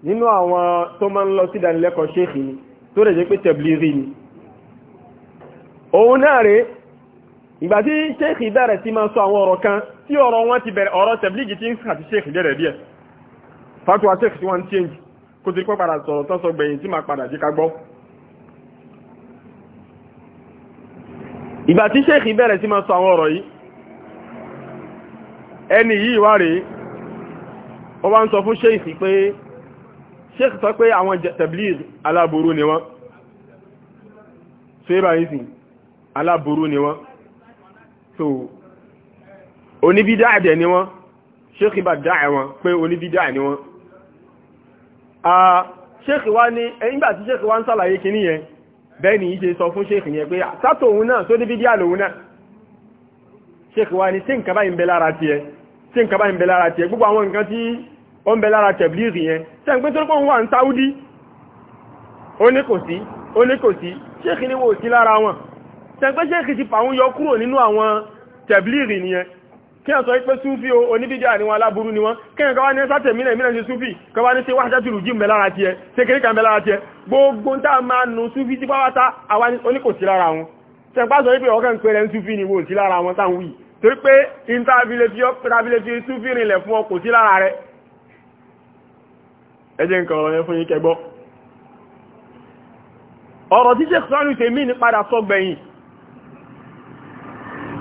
nínú àwọn tó máa ń lọ sí ìdánilẹ́kọ̀ọ́ ṣéèkì ni tó rẹ̀ jẹ́ pé tẹ̀blìrì ni òun náà rèé ìgbà tí ṣéèkì bẹ̀rẹ̀ sí máa sọ àwọn ọ̀rọ̀ kan tí ọ̀rọ̀ wọn ti bẹ̀rẹ̀ ọ̀rọ̀ tẹ̀blìgì tí ń àti ṣéèkì bẹ̀rẹ̀ díẹ̀ fatuwa ṣéèkì tí wọ́n ń change kó ti pọ́ padà sọ̀rọ̀ tán sọ ìgbà tí ṣéèkì bẹ̀rẹ̀ sí máa sọ àwọn ọ̀rọ̀ yìí ẹni yìí wá rèé ó wá ń sọ fún ṣéèkì pé ṣéèkì sọ pé àwọn tabligh aláburú ni wọ́n ṣe báyìí sí aláburú ni wọ́n so oníbídá àdẹ̀ ni wọ́n ṣéèkì bá dáà wọn pé oníbídá ni wọ́n ṣéèkì ah, wá ní ẹ̀yìngbà tí ṣéèkì wá ń bẹ́ẹ̀ ni ìṣe sọ fún ṣéèkì yẹn pé sátò òun náà tó níbi díà lòun náà ṣéèkì wa ni tí nǹkan báyìí ń bẹ lára tiẹ̀ tí nǹkan báyìí ń bẹ lára tiẹ̀ gbogbo àwọn nǹkan tí ó ń bẹ lára tẹ̀blìrì yẹn tẹ́ ń pín tó ń wà ní Saudi ó ní kò sí ó ní kò sí ṣéèkì ni wò sí lára wọn tẹ́ ń pín ṣéèkì kí wọ́n sọ pé súfì o oníbíjà ni wọn aláburú ni wọn kí wọ́n kọ́wá ní sátẹ̀ mílẹ̀ mílẹ̀ ṣe súfì kọ́wá ní sí wáṣẹ́ jùlù jí mẹ́ lára tiẹ̀ ṣe kéré kan mẹ́ lára tiẹ̀ gbogbo tá a máa nu súfì sí pàwátá àwa ní kò sí lára wọn ṣe pàṣọ wípé ọkàn pé rẹ̀ ń súfì ni wọn sí lára wọn táwọn wì torí pé intabile fi súfì rinlẹ̀ fún ọ kò sí lára rẹ̀ ẹ jẹ́ nǹkan ọ̀rọ̀ yẹn fún yín kẹgbọ́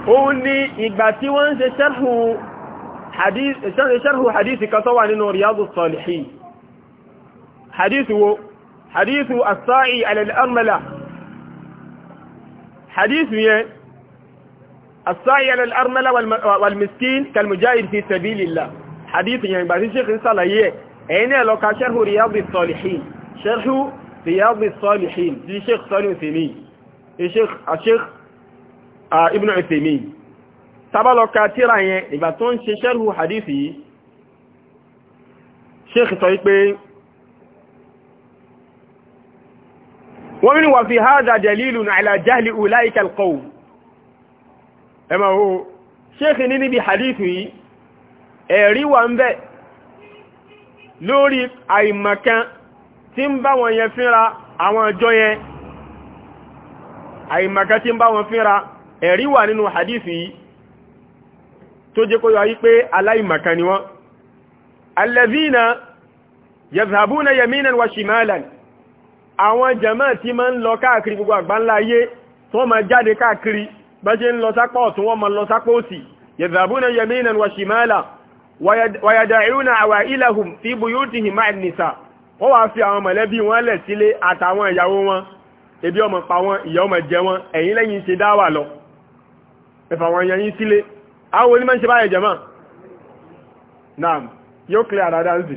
òun ni ìgbà tí wọ́n ń ṣe ṣarhu hadisi kan tó wà nínú riyadu salihi hadisi wo hadisi asa'i al'armala hadisi yẹ asa'i al'armala walmiskin kalmujahid fi sabilillah hadisi yẹ ìgbà tí ṣíkín sàlàyé ẹ̀yìn ẹ̀lọ́ka ṣarhu riyadu salihi ṣarhu riyadu salihi ti ṣík Ibn Uthaymeen tábàlọ́ka tíra yẹn ìgbà tó ń ṣe sharhu hadithi yìí sheikh sọ wípé wọ́n mìí wà fi hadha dalilun ala jahli ulaika alqawm ẹmà ó sheikh ní níbi hadithi yìí ẹ̀rí wà ń bẹ lórí àìmọ̀kan tí ń bá wọn yẹn fínra àwọn ọjọ́ yẹn àìmọ̀kan tí ń bá wọn fínra ẹ̀rí wà nínú hadithi yìí tó jẹ́ kó yọ ayí pé aláìmọ̀kan ni wọ́n alladhina yadhhabuna yaminan wa shimalan àwọn jama tí ma ń lọ káàkiri gbogbo àgbáńlá ayé tó ma jáde káàkiri bá ṣe ń lọ sápá ọ̀tún wọ́n ma lọ sápá òsì yadhhabuna yaminan wa shimalan wa lẹ́yìn ṣe dáwà lọ ẹ̀fà àwọn èèyàn yìí sílé àwọn onímọ̀ ń ṣe báyẹ̀ jẹ̀mọ́ náà yóò kílẹ̀ àdáadáa ń sì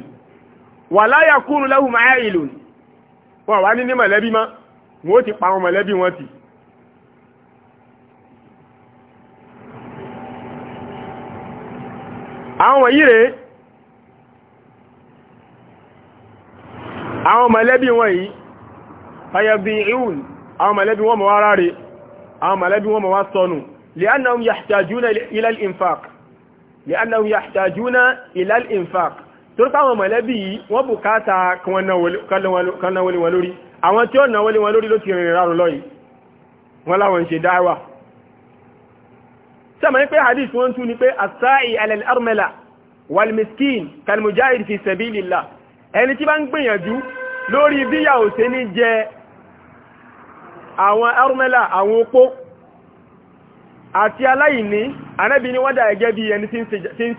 wà láyà kúrú lẹ́hùn máa ìlú wọn wà ní ní mọ̀lẹ́bí mọ́ wọn ó ti pa àwọn mọ̀lẹ́bí wọn ti àwọn mọ̀lẹ́bí wọn yìí fayẹ̀bí ìhùn àwọn mọ̀lẹ́bí wọn mọ̀ wá لأنهم يحتاجون إلى الإنفاق لأنهم يحتاجون إلى الإنفاق torúkọ àwọn mọ̀lẹ́bí wọ́n bùkátà kan náwó lé wọn lórí àwọn tí ó náwó lé wọn lórí ló ti rìnrìn rárùn lọ́yìí wọ́n láwọn ń ṣe dáwà sẹ́mọ̀ ní pé hadith wọ́n tún ní pé asáì alẹ́lẹ́rmẹ́lá walmiskin kalmujahid fi sabilillah ẹni tí bá ń gbìyànjú lórí bíyà òsè ní jẹ àwọn armẹ́lá àwọn opó àti aláìní anẹ́bí ni wọ́n dà ẹgẹ́ bí ẹni tí ń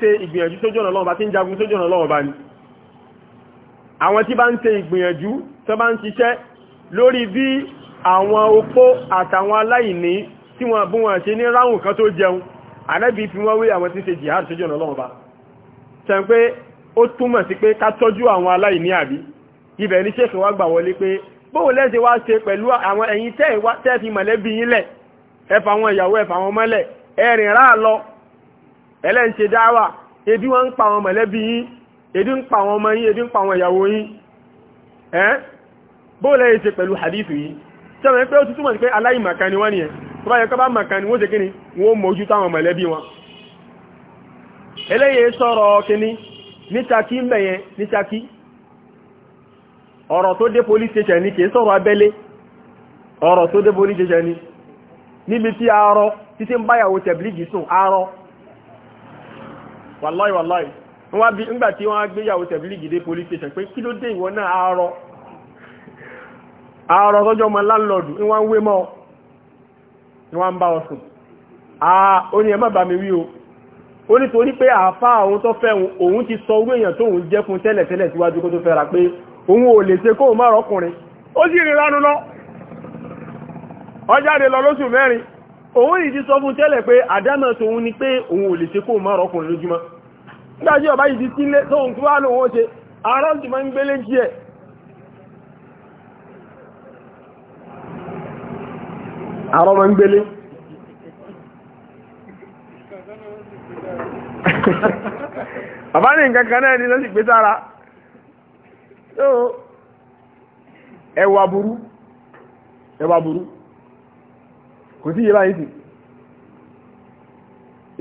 ṣe ìgbìyànjú sójú ọ̀nà Ọlọ́run bá tí ń jagun sójú ọ̀nà Ọlọ́run bá ní àwọn tí bá ń ṣe ìgbìyànjú tó bá ń ṣiṣẹ́ lórí bí àwọn opó àtàwọn aláìní tí wọ́n bú wọn ṣe ní ráhùn kan tó jẹun anẹ́bí fi wọ́n wé àwọn tí ń ṣe jihad sójú ọ̀nà Ọlọ́run bá tẹ́ pé ó túmọ̀ ẹfà àwọn ìyàwó ẹfà àwọn mọ́lẹ̀ ẹ̀rìn rà lọ ẹlẹ́ǹṣe dáwà ebi wọ́n ń pa àwọn mọ̀lẹ́bí yín ebi ń pa àwọn ọmọ yín ebi ń pa àwọn ìyàwó yín ẹ́ bóòlù ẹ̀yẹ ṣe pẹ̀lú hadith yìí tí wọ́n pẹ́ ó tútù mọ̀ sí pé aláìmọ̀kan ni wọ́n nìyẹn tó bá yẹ kọ́ bá mọ̀kan ni wọ́n ṣe kíni wọ́n mójú táwọn ọ̀rọ̀ tó dé police station ni kìí sọ̀rọ̀ abẹ́lé ọ̀rọ̀ tó dé police station ni níbi tí a rọ títí ń báyàwó tẹ̀blígì sùn a rọ wàláì wàláì wọ́n bí ńgbà tí wọ́n gbéyàwó tẹ̀blígì dé police station pé kí ló dé ìwọ̀n náà a rọ a rọ tọ́jọ́ ọmọ láńlọ́ọ̀dù wọ́n wé mọ́ wọ́n bá ọ sùn ó o ó ní torí pé òun sọ owó èèyàn tóun jẹ́ fún tẹ́lẹ̀tẹ́lẹ̀ síwájú kó tó fẹ́ra pé òun ò lè ṣe kóun má rọ́kùnrin ó sì rí ránú ọjáde lọ lóṣù mẹ́rin òun yìí sọ fún tẹ́lẹ̀ pé àdámọ̀ ni pé òun ò lè ṣe kó má ọba yìí sílé tóun tó wá lóun ó ṣe ara ń gbélé bàbá ní nǹkan kan náà ni lọ́sì gbé sára ẹwà kò sí yíba yìí sì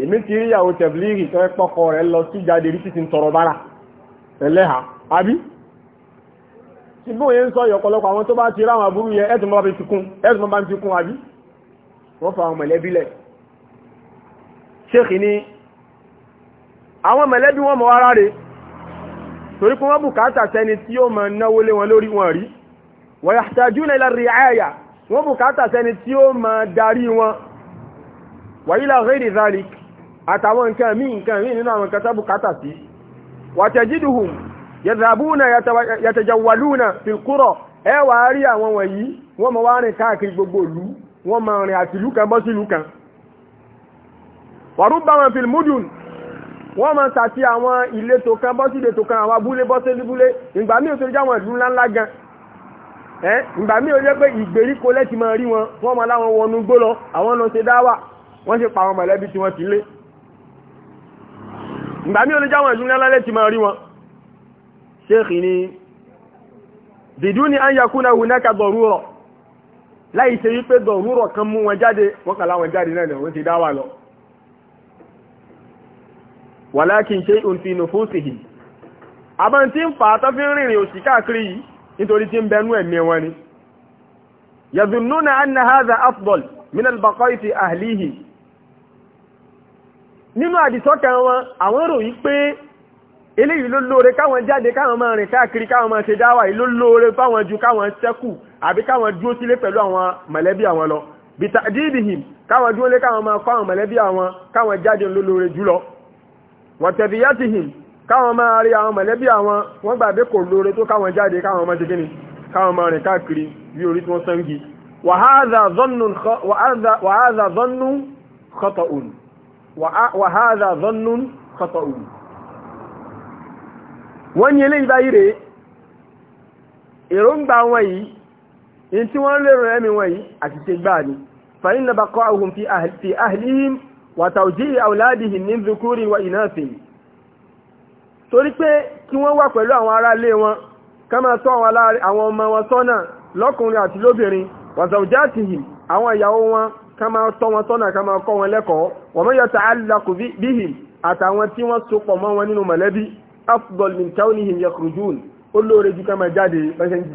èmi ti rí ìyàwó tẹ̀blíìrì tó pọ́kọ rẹ̀ lọ sí jáde rí títí tọrọ bára ẹlẹ́ha àbí ṣùgbọ́n yẹn ń sọ ọ̀pọ̀lọpọ̀ àwọn tó bá ti ráwọn àbúrú yẹn ẹ̀tùn bá kún àbí wọ́n fa àwọn mẹ̀lẹ́bí wọ́n bùkátà sẹ́ni tí ó máa darí wọn wàyílà rèdè zalik àtàwọn nǹkan mí nǹkan mí nínú àwọn kẹta bùkátà sí wàtẹ̀jídùhùn yàtàbúnà yàtàjàwàlúnà fìkúrọ̀ ẹ wà rí àwọn wọ̀nyí wọ́n máa wá rìn káàkiri gbogbo ìlú wọ́n máa rìn àti ìlú kan bọ́ sí ìlú kan wàrúbàwọn fìlmúdùn wọ́n máa tàti àwọn ìletò kan bọ́ sí ìletò kan àwọn abúlé bọ́ sí ìbúlé ìgbà míì ẹ́ ìgbà mí ò jẹ́ pé ìgbèríko lẹ́ti máa rí wọn wọ́n máa láwọn wọnú gbó lọ àwọn lọ ṣe dáwà wọ́n ṣe pa àwọn mọ̀lẹ́bí tí wọ́n ti lé ìgbà mí ò lè jáwọn ìlú ńlá lẹ́ti máa rí wọn ṣéèkì ni biduni an yakuna hunaka darura láì ṣe wípé darura kan mú wọn jáde wọ́n kà láwọn jáde náà wọ́n ti dáwà lọ walakin shay'un fi nufusihim àbántí ń fà nítorí tí ń bẹnú ẹ̀mí wọn ni yadhunnuna anna hadha afdal min al-baqa'i fi ahlihi nínú àdìsọ́kàn wọn àwọn rò yí pé eléyìí ló lóore káwọn jáde káwọn máa rìn káàkiri káwọn máa ṣe dáwà yìí ló lóore fáwọn ju káwọn ṣẹ́kù àbí káwọn dúró sílé pẹ̀lú àwọn mọ̀lẹ́bí àwọn lọ bìtà dídìhìm káwọn dúró lé káwọn máa kọ́ àwọn mọ̀lẹ́bí àwọn káwọn jáde ló jùlọ wọ̀tẹ̀bíyàtìhìm káwọn máa rí àwọn mọ̀lẹ́bí àwọn wọ́n gbàgbé kò lóore tó káwọn jáde káwọn máa jẹ́gẹ́ni káwọn máa rìn káàkiri bí orí tí wọ́n sángi wa hadha dhannun khata'un wọ́n ní eléyìí báyìí rèé èròǹgbà wọn yìí in tí wọ́n lérò ẹ̀mí wọn yìí àti ṣe gbáà ni fa inna baqa'ahum fi ahlihim wa tawjihi awladihim min dhukurin wa inasin torí pé kí wọ́n wà pẹ̀lú àwọn ará ilé wọn ká máa tọ́ àwọn ọmọ wọn sọ́nà lọ́kùnrin àti lóbìnrin wàzàwùjáàtìhì àwọn ìyàwó wọn ká máa tọ́ wọn sọ́nà ká máa kọ́ wọn lẹ́kọ̀ọ́ wọ́n mẹ́yọ ta alákù bíhìm àtàwọn tí wọ́n so pọ̀ mọ́ wọn nínú mọ̀lẹ́bí afdol min kaunihim yakhrujun ó lóore ju ká máa jáde bẹ́sẹ̀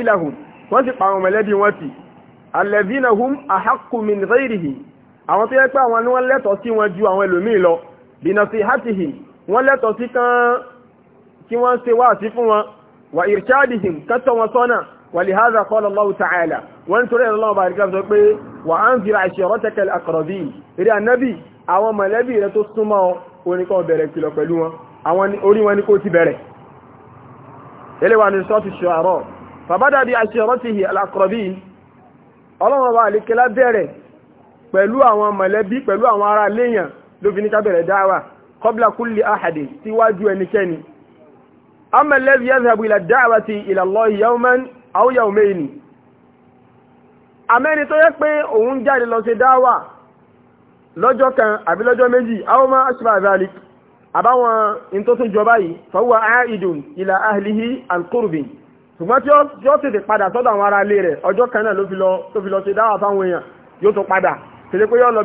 ilahum wọ́n ti pa àwọn alẹ́dínà hum àhákùnmin rẹ́ìrìhì àwọn tó yẹ pé àwọn ni wọ́n lẹ́tọ̀ọ́ sí wọn ju àwọn ẹlòmíì lọ bìnà sí hátìhì wọ́n lẹ́tọ̀ọ́ sí kan kí wọ́n ṣe wá sí fún wọn wà ìrìṣàdìhìm kẹ́tọ̀ wọn sọ́nà wà lè hádà kọ́lọ̀ lọ́wọ́ tààlà wọ́n torí ẹ̀rọ lọ́wọ́ bàrí gbàgbọ́ pé wà á ń zira ọlọ́run ọba àlékelá bẹ̀rẹ̀ pẹ̀lú àwọn mọ̀lẹ́bí pẹ̀lú àwọn ará léèyàn ló fi ní ká bẹ̀rẹ̀ dáwà qabla kulli ahadi síwájú ẹnikẹ́ni amma alladhi yadhhabu ila da'wati ila Allahi yawman aw yawmayni àmẹ́ni tó yẹ pé òun jáde lọ ṣe dáwà lọ́jọ́ kan àbí lọ́jọ́ méjì aw ma ashbaha dhalik àbáwọn in tó ṣùgbọ́n tí ó tètè padà sọ́dọ̀ àwọn ará ilé rẹ̀ ọjọ́ kan náà ló fi lọ ṣe dáwà fáwọn èèyàn yóò tó padà tètè pé yóò lọ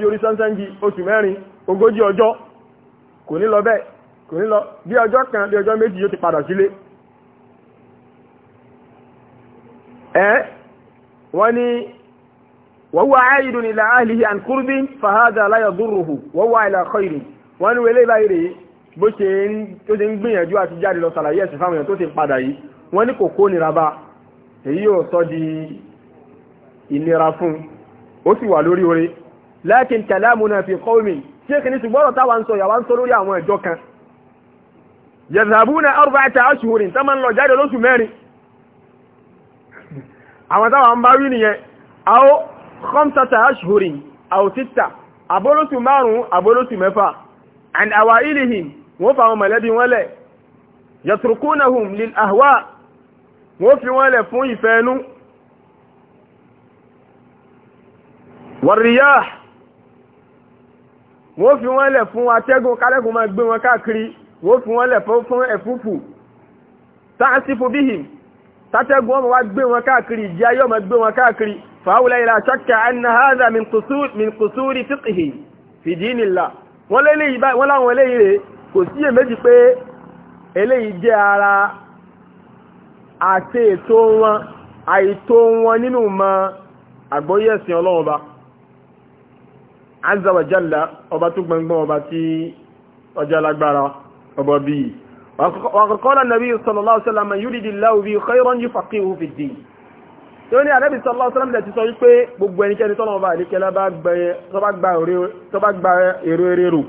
bí orí sánsánjì oṣù mẹ́rin ogójì ọjọ́ kò ní lọ bẹ́ẹ̀ kò ní lọ bí ọjọ́ kan bí ọjọ́ méjì yóò ti padà sílé wọ́n ní wọ́n ní wẹ́lẹ́ bó ṣe ń gbìyànjú àti jáde lọ sàlàyé ẹ̀sìn fáwọn èèyàn tó ti padà yìí wọ́n ní kò kó nira bá èyí yóò sọ di ìnira fún ó sì wà lórí orí lakin kalamuna fi qawmin ṣe kìí ṣùgbọ́n ọ̀rọ̀ táwa ń sọ yàwá ń sọ lórí àwọn ìjọ kan yadhabuna arba'ata ashhurin tó máa ń lọ jáde lóṣù mẹ́rin àwọn táwa ń bá wí nìyẹn aw khamsata ashhurin aw wọ́n fa àwọn mọ̀lẹ́bí wọn lẹ̀ yatrukunahum lil ahwa wọ́n fi wọ́n lẹ̀ fún ìfẹ́ ẹnu warriyah wọ́n fi wọ́n lẹ̀ fún atẹ́gùn kálẹ́gùn máa gbé wọn káàkiri wọ́n fi wọ́n lẹ̀ fún ẹ̀fúfù ta'sifu bihim tátẹ́gùn ọmọ wá gbé wọn káàkiri ìjẹ́ ayọ́ ma gbé wọn káàkiri fàáwùlẹ̀ ìlà ṣakka anna hadha min qusuri fiqhi fi dinillah wọ́n láwọn eléyìí rèé kò síyè méjì pé eléyìí jẹ́ ara àti ètò wọn àìtó wọn nínú mọ àgbọ́yé ẹ̀sìn ọlọ́run ba azza ọba tó gbọngbọ́n ọba tí ọjọ́ alágbára ọba bíi wàkọ̀kọ́lá nàbí sallallahu alaihi wasallam yuridillahu bihi khayran yufaqihu fid-din tí ó ní ànábì sallallahu alaihi wasallam lẹ̀ ti sọ wípé gbogbo ẹnikẹ́ni tọ́lọ́wọ́ bá àdékẹ́lá tó bá gba èrè rò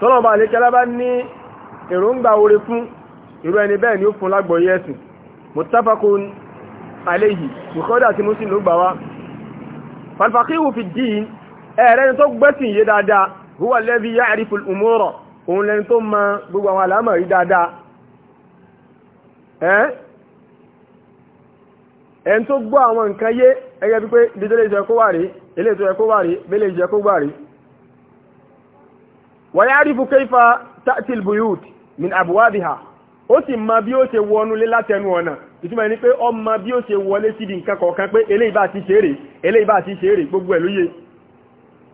tọ́lọ́mọba àlékẹ́lá bá ní èròǹgbà oore fún irú ẹni bẹ́ẹ̀ ni ó fún lágbọ̀ọ́yé ẹ̀sìn muttafaqun alayhi bukhari àti muslim ló gbà wá falfaqihu fi ddin ẹ̀rẹ́ni tó gbẹ́sìn yé dáadáa huwa alladhi ya'rifu al-umura òun lẹni tó mọ gbogbo àwọn àlámọ̀rí dáadáa ẹ̀ẹ́n tó gbọ́ àwọn nǹkan yé ẹgẹ́ bí pé ìdíjọ́ lè ويعرف كيف تأتي البيوت من أبوابها ó sì mọ bí ó ṣe wọnú lé látẹnu ọ̀nà ìtumọ̀ ní pé ó mọ bí ó ṣe wọlé síbi nǹkan kọ̀ọ̀kan pé eléyìí bá ti ṣeré eléyìí bá ti ṣeré gbogbo ẹ̀ lóye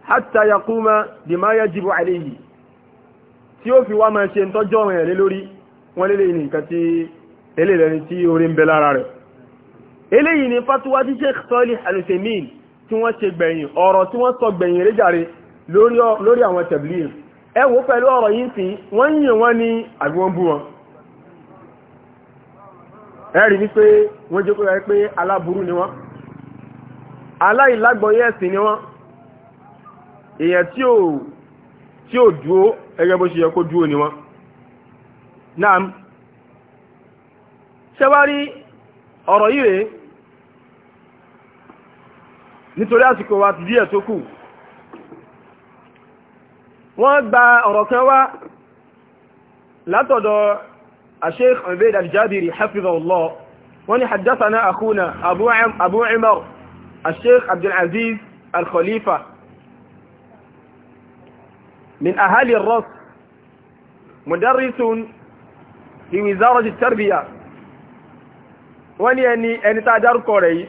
hatta yakuma bima yajibu alayhi tí ó fi wá máa ṣe tọ́jọ́ ọ̀rìn ẹ̀lé lórí wọn lélẹ̀ ní nǹkan tí eléyìí ní tí orí ń bẹ lára rẹ̀ eléyìí ni fatuwa tí Sheikh Salih Al-Uthaymeen tí wọ́n ṣe gbẹ̀yìn ọ̀rọ̀ tí wọ́n sọ gbẹ̀yìn réjàre lórí àwọn tabligh ẹ wò pẹ̀lú ọ̀rọ̀ yìí sí wọ́n ń yìn wọ́n ní àgbọn bú wọn ẹ̀rí ní pé wọ́n jẹ́ kóyọ pé aláburú ni wọ́n aláìlágbọ̀yé ẹ̀sìn ni wọ́n èèyàn tí ò tí dúó ẹgbẹ́ bó ṣe yẹ kó dúó ni wọ́n náà ṣẹ́wárí ọ̀rọ̀ yìí rèé nítorí àsìkò wa díẹ̀ tó kù wọ́n gba ọ̀rọ̀ kan wá látọ̀dọ̀ الشيخ عبيد الجابري حفظه الله وني حدثنا أخونا أبو, عم أبو عمر الشيخ عبد العزيز الخليفة من أهالي الرص مدرس في وزارة التربية وني أني أني تادر كوري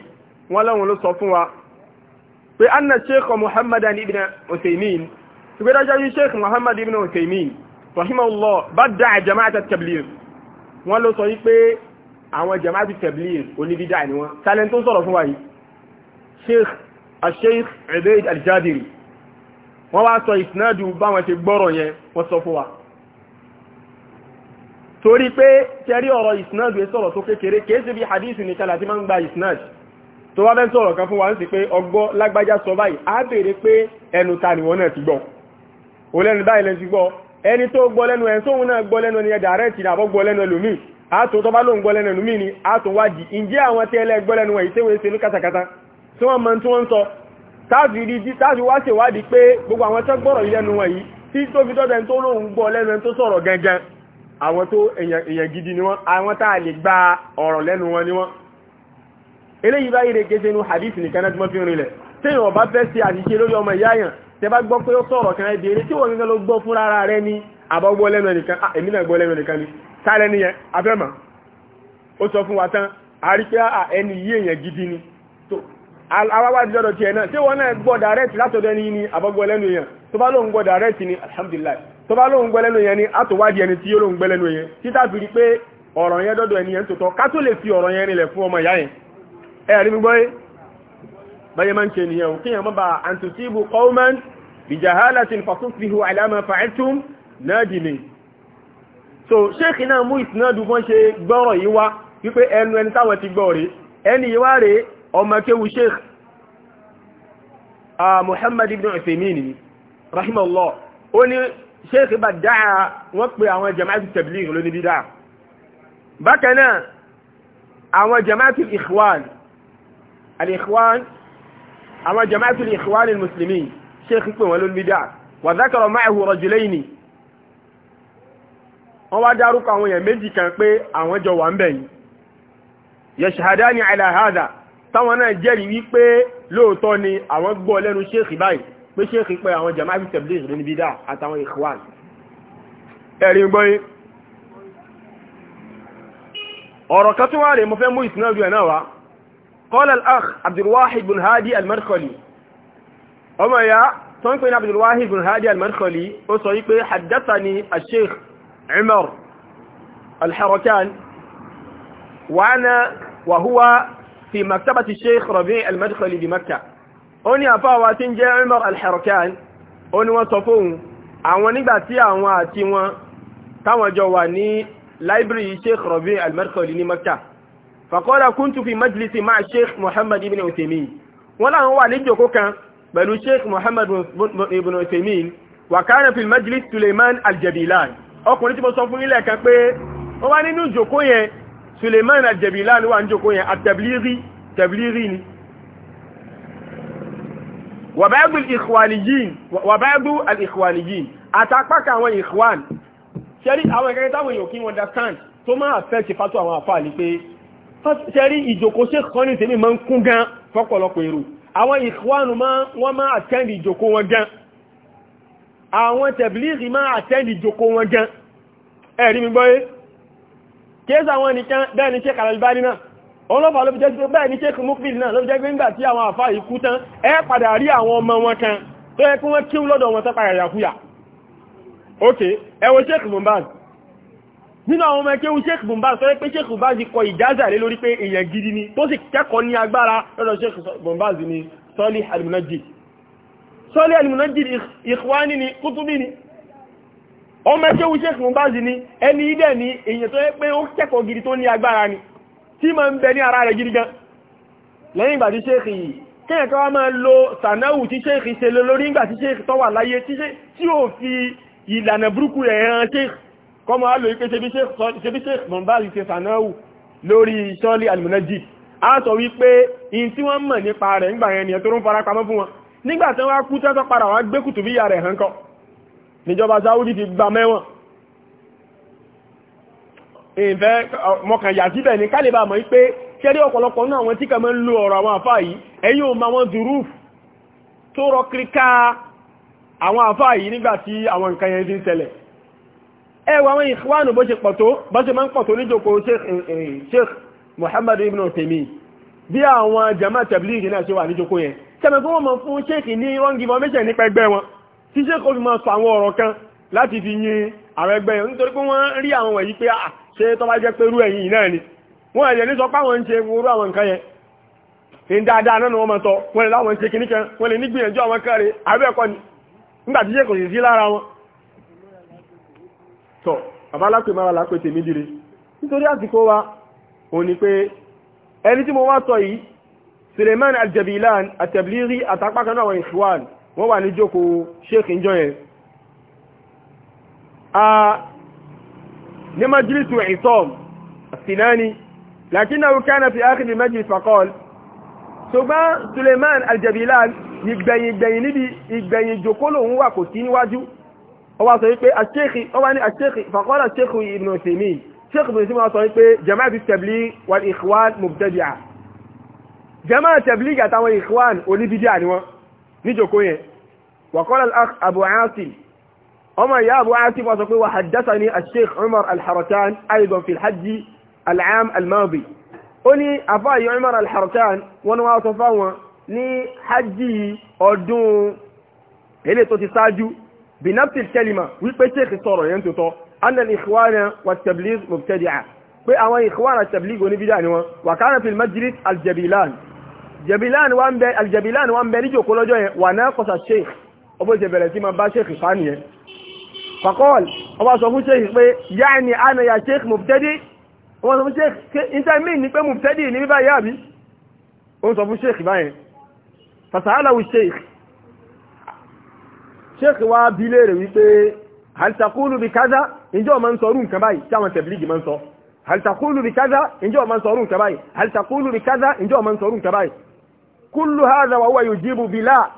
ولا ولو صفوة بأن الشيخ محمد بن عثيمين ṣùgbẹ́ dájájú sheikh muhammad ibn uthaymeen rahimahullah badda'a jama'at at-tabligh wọ́n ló sọ wípé àwọn jama'at at-tabligh oníbídà ni wọ́n talent tó sọ̀rọ̀ fún wa yìí sheikh al-sheikh ubayd al-jadiri wọ́n wá sọ ìsinádù báwọn ṣe gbọ́rọ̀ yẹn wọ́n sọ fún wa torí pé tẹ́rí ọ̀rọ̀ ìsinádù ẹ sọ̀rọ̀ tó kékeré kìí sí bí hadithu nìkan láti máa ń gba ìsinádù tó wá fẹ́ sọ̀rọ̀ kan fún wa ń sì pé ọgbọ́ lágbájá sọ báyìí á béèrè pé ẹnu ta ni wọ́n náà ti gbọ́ olẹ́nu báyìí lẹ́nu ti gbọ́ ẹni tó gbọ́ lẹ́nu ẹ̀ tóun náà gbọ́ lẹ́nu ẹni ẹ̀ dàrẹ́tì àbọ̀ gbọ́ lẹ́nu ẹlòmíì àtò tó bá lóun gbọ́ lẹ́nu ẹlòmíì ni àtò wádìí ǹjẹ́ àwọn tí ẹlẹ́ gbọ́ lẹ́nu ẹ̀ ìtẹ́wé ṣe ní kàtàkàtà tí wọ́n mọ tí wọ́n ń sọ táàfì wá ṣèwádìí pé gbogbo àwọn tó gbọ́rọ̀ yìí lẹ́nu wọn yìí gidi ni wọ́n àwọn tá a lè gba ọ̀rọ̀ lẹ́nu wọn ni hadith nìkan náà tí wọ́n téèyàn ọba fẹ́ ṣe àṣìṣe lórí ọmọ ìyá yàn bá gbọ́ kan ẹ béèrè tí wọ́n gẹ́gẹ́ ló gbọ́ fún rárá rẹ ní ẹnìkan ah, èmi náà ni sáré nìyẹn ó sọ fún a rí pé ah, ẹni yí èèyàn gidi ni awáwádìí lọ́dọ̀ tiẹ̀ náà tí wọ́n náà gbọ́ dàrẹ́tì látọ̀dọ̀ ẹni ní àbọ̀gbọ́ lẹ́nu tó bá lóun ni tó bá ni ẹni tí yóò lóun yẹn títà fi báyẹ máa ń ṣe nìyẹn kí yẹn mọ́ba an tusibu qawman bi jahalatin fatusbihu ala ma fa'altum nadimin so ṣéèkì náà mú ìsinádù fọ́n ṣe gbọ́rọ̀ yìí wá wípé ẹnu ẹni táwọn ti gbọ́ rèé ẹni yìí wá rèé ọmọ kéwu ṣéèkì ah, Muhammad ibn Uthaymeen rahimahullah ó ní ṣéèkì bá dáa pe àwọn jama'atu tabligh lóní bídá bákan náà àwọn jama'atu ikhwan al-ikhwan àwọn jama'atul ikhwanil muslimin sheikh pè wọ́n lórí bídà wa dhakara ma'ahu rajulayni wọ́n wá dárúkọ àwọn èèyàn méjì kan pé àwọn jọ wà ń bẹ̀ yìí yashhadani ala hadha táwọn náà jẹ́rìí wípé lóòótọ́ ni àwọn gbọ́ lẹ́nu sheikh báyìí pé sheikh pé àwọn jama'atul tabligh lórí bídà àtàwọn ikhwan ẹ̀rí gbọ́yé ọ̀rọ̀ kan tó rè mo fẹ́ mú ìsinmi ọdún ẹ̀ náà wá qala al-akh abdulwahid bin hadi al-madkhali ọmọ ya tó ń pè ní abdulwahid bin hadi al-madkhali ó sọ wípé haddathani al-sheikh umar al-harakan wa ana wa huwa fi maktabati sheikh rabi' al-madkhali bi makkah ó ní àfáwà tí ń jẹ́ umar al-harakan ó ní wọ́n sọ fóhun àwọn nígbà tí àwọn àti wọn táwọn jọ wà ní library sheikh rabi' al-madkhali ní makkah fàkọ́lá kúntù fi majlisi máa sheikh muhammad ibn uthaymeen wọ́n láwọn wà níjòkó kan pẹ̀lú sheikh muhammad ibn uthaymeen wà kánà fi majlis suleiman aljabilan ọkùnrin tí mo sọ fún ilẹ̀ kan pé wọ́n wá nínú ìjòkó yẹn suleiman aljabilan wà níjòkó yẹn àtẹ̀blírí tẹ̀blírí ni wà báyàgbù al-ikhwaniyin àtàpákà àwọn ikhwan ṣẹ́rí àwọn ìkẹta tó máa fẹ́ ti fátó àwọn àfáà ní pé ṣẹ́rí ìjòkó ṣe kan ní tèmi ma ń kún gan fọ́pọ̀lọpọ̀ èrò àwọn ìkwánu wọ́n máa àtẹ́ndì ìjòkó wọn gan àwọn tẹ̀blìrì máa àtẹ́ndì ìjòkó wọn gan ẹ̀rí mi gbọ́yé kéèsì àwọn nìkan bẹ́ẹ̀ ni ṣe kàlàlùbáni náà ọlọ́pàá ló fi jẹ́ pé bẹ́ẹ̀ ni ṣe kún mọ́kìlì náà ló fi jẹ́ pé nígbà tí àwọn àfáà yìí kú tán ẹ padà rí àwọn ọmọ wọn kan tó yẹ kí wọ́n kí lọ́dọ̀ wọn tán ok ẹ wo ṣe kùnmọ́ báyìí nínú àwọn ọmọ ẹkẹ́ Sheikh Bin Baz sọ pé Sheikh Bin Baz kọ ìjáza lé lórí pé èèyàn gidi ni tó sì kẹ́kọ̀ọ́ ní agbára lọ́dọ̀ Sheikh Bin Baz ni Salih al ni Kutubi ni ọmọ ẹkẹ́ Sheikh Bin Baz ni ẹni idẹ́ ni èèyàn tó yẹ pé ó kẹ́kọ̀ọ́ ni tí ma ń bẹ ní ara rẹ̀ gidi gan lẹ́yìn ìgbà tí Sheikh kéèyàn kan wá máa lo sànáwù tí Sheikh ṣe lórí ìgbà kọmọ alò wípé ṣebí sheikh mọ̀báàlì ṣe sànáwù lórí sọ́ọ̀lì almunajjid a sọ wípé in tí wọ́n mọ̀ nípa rẹ̀ nígbà yẹn ni ẹ̀tọ́ ń fara pamọ́ fún wọn nígbà tí wọ́n kú tẹ́tọ́ padà wá gbé kùtù bí ìyá rẹ̀ hàn kọ́ níjọba saudi ti gba mẹ́wọ̀n ìfẹ́ mọ̀kàn tó rọ kíríká àwọn àfáà yìí nígbà àwọn nǹkan yẹn ti ń ṣẹlẹ̀ ẹwà àwọn ìkwánù bó ṣe pọ̀tó bó ṣe máa ń pọ̀tó níjòkó eh, eh, sheikh Muhammad ibn Uthaymeen bí àwọn jama tabligh náà ṣe wà níjòkó yẹn tẹ́mẹ̀kú wọ́n mọ̀ fún sheikh ní wrong information nípa ẹgbẹ́ wọn tí sheikh ó fi máa sọ àwọn ọ̀rọ̀ kan láti fi yin àwọn ẹgbẹ́ yẹn nítorí pé wọ́n rí àwọn wọ̀nyí pé à ah, ṣe tó bá jẹ́ pé rú ẹ̀yìn náà ni wọ́n ẹ̀yẹ̀ ní dáadáa náà wọ́n mọ̀ tọ́ wọ́n lè láwọn ń ṣe kìnnìkan wọ́n lè nígbìyànjú àwọn kan rẹ̀ ni nígbà tí kò sí lára wọn tọ̀ bàbá lápè máa lápè tèmi dire nítorí àsìkò wa ò ní pé ẹni tí mo wá sọ yìí Suleiman Aljabilan àtẹ̀blírí àtàpákanú àwọn ìṣúwàn wọ́n wà ní jókòó sheikh njọ́ yẹn ní majlisu ìtọ́m sinani lakinahu kana fi akhir majlis faqal ṣùgbọ́n Suleiman Aljabilan ìgbẹ̀yìn ìgbẹ̀yìn níbi ìgbẹ̀yìn jókòó lòun wà kò sí níwájú ọwá sọ wípé àṣẹ́kì ọwá ní àṣẹ́kì fàkọ́lá ṣẹ́kù ibn Uthaymeen ṣẹ́kù ibn Uthaymeen sọ wípé jama'atu tabligh wal ikhwan mubtadi'a jama'atu tabligh àtàwọn ikhwan oníbídíà ni wọ́n níjòkó yẹn wàkọ́lá al-akh abu asim ọmọ ìyá abu asim wọ́n sọ pé wà hàdásà ní àṣẹ́kì umar al-haratan aidan fi hajji al-am al-madi ó ní àfáàyè umar al-haratan wá sọ fáwọn ní hajji ọdún ilé tó ti ṣáájú بنفس الكلمة ويبتشيخ الصورة ينتطو أن الإخوان والتبليغ مبتدعة pé àwọn ìkọwàrà tẹ̀blígò ní bídá ni wọn wà kára fi majlis aljabilan jabilan wọ́n bẹ aljabilan wọ́n bẹ níjòkó lọ́jọ́ yẹn wà náà kọsà sheikh ọbọ̀ ìṣẹ̀ bẹ̀rẹ̀ sí ma bá sheikh fani yẹn fakọ́ọ̀l ọba sọ fún sheikh pé yá ni a na ya sheikh mubtadi ọba sọ fún sheikh iṣẹ́ mi ni pé mubtadi ni bíbá yá bí ó sọ fún sheikh báyẹn fasahala wu sheikh sheikh wa bi léèrè wípé halitakulu bi kaza ǹjẹ́ o máa ń sọ rú nǹkan báyìí tí àwọn tẹ̀blígì máa ń sọ halitakulu bi kaza ǹjẹ́ o máa ń sọ rú nǹkan báyìí halitakulu bi kaza ǹjẹ́ o máa ń sọ rú nǹkan báyìí kullu hadha wa huwa yujibu bila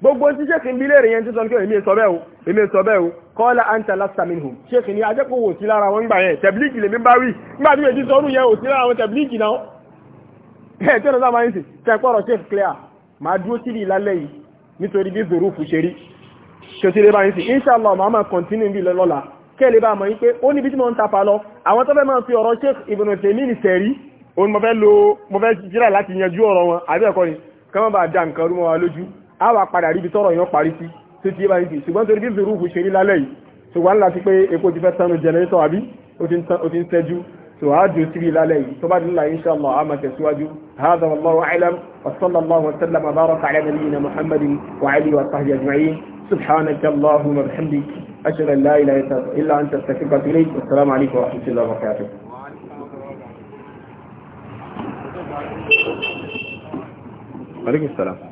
gbogbo tí sheikh ń bi léèrè yẹn ti sọ ní kí èmi sọ bẹ́ẹ̀ o èmi sọ bẹ́ẹ̀ o kọ́lá anta lasta minhum sheikh ni ajẹ́kọ̀ wò sí lára wọn gbà yẹn tẹ̀blígì lèmi bá wí nígbà tí èdè sọ́rù yẹn ò sí lára wọn tẹ̀blígì náà ẹ̀ tí ó lọ ń sè tẹ̀kọ́rọ̀ sheikh clear máa dúró sílì lálẹ́ yìí nítorí bí zòrúfù ṣe rí ṣòtí lè bá yín sí inshallah ma máa kọ̀ntínú bí lọ́la kẹ́ lè bá mọ̀ yí pé ó níbi tí mo ń tapa lọ àwọn tó fẹ́ máa fi ọ̀rọ̀ Sheikh Ibn Taymiyyah sẹ̀rí òun mo fẹ́ lo mo fẹ́ jíra láti yanjú ọ̀rọ̀ wọn àbí ẹ̀kọ́ ni kí wọ́n bá da nǹkan rú mọ́ wa lójú á wà padà ríbi tọ́rọ̀ yẹn parí sí tó ti yé bá yín sí ṣùgbọ́n torí bí zuru ṣe rí lálẹ́ yìí ṣùgbọ́n láti pé epo ti fẹ́ tánu jẹnẹrétọ̀ àbí سواجه سبيل عليه سبحان الله إن شاء الله عما تسواجه هذا والله أعلم وصلى الله وسلم وبارك على نبينا محمد وعلي وصحبه أجمعين سبحانك اللهم وبحمدك أشهد أن لا إله إلا أنت أستغفرك إليك والسلام عليكم ورحمة الله وبركاته عليكم السلام